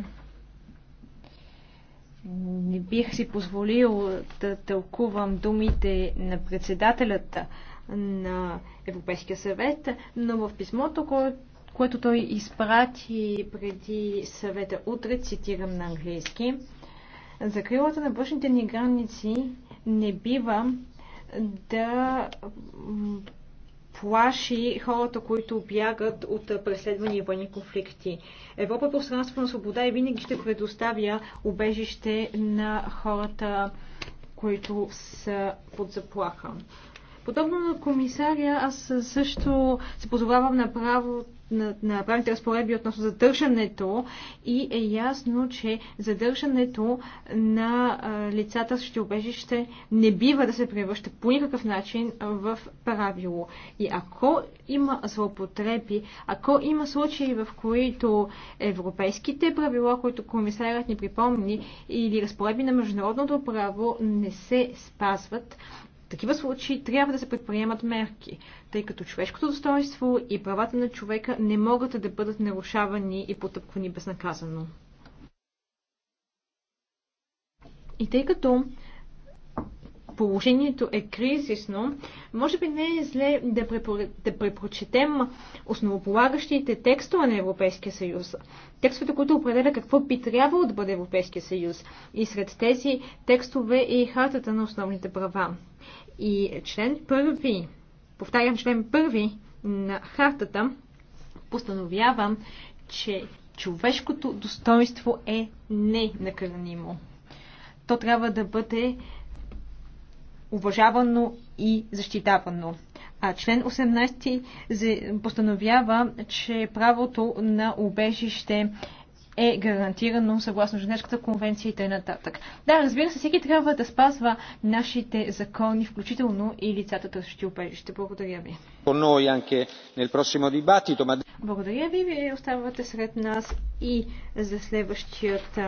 не бих си позволил да тълкувам думите на председателята на Европейския съвет, но в писмото, което което той изпрати преди съвета утре, цитирам на английски. Закрилата на външните ни граници не бива да плаши хората, които бягат от преследвания и военни конфликти. Европа е пространство на свобода и винаги ще предоставя убежище на хората, които са под заплаха. Подобно на комисария, аз също се позовавам на право на, на правните разпоредби относно задържането и е ясно, че задържането на а, лицата с убежище не бива да се превръща по никакъв начин в правило. И ако има злоупотреби, ако има случаи, в които европейските правила, които комисарят ни припомни, или разпоредби на международното право не се спазват, такива случаи трябва да се предприемат мерки, тъй като човешкото достоинство и правата на човека не могат да бъдат нарушавани и потъпквани безнаказано. И тъй като положението е кризисно, може би не е зле да, препор... да препрочетем основополагащите текстове на Европейския съюз. Текстовете, които определя какво би трябвало да бъде Европейския съюз. И сред тези текстове е и хартата на основните права. И член първи, повтарям член първи на хартата, постановява, че човешкото достоинство е ненакранимо. То трябва да бъде уважавано и защитавано. А член 18 постановява, че правото на убежище е гарантирано съгласно Женевската конвенция и т.н. Да, разбира се, всеки трябва да спазва нашите закони, включително и лицата търсещи убежище. Благодаря ви. Благодаря ви, вие оставате сред нас и за следващият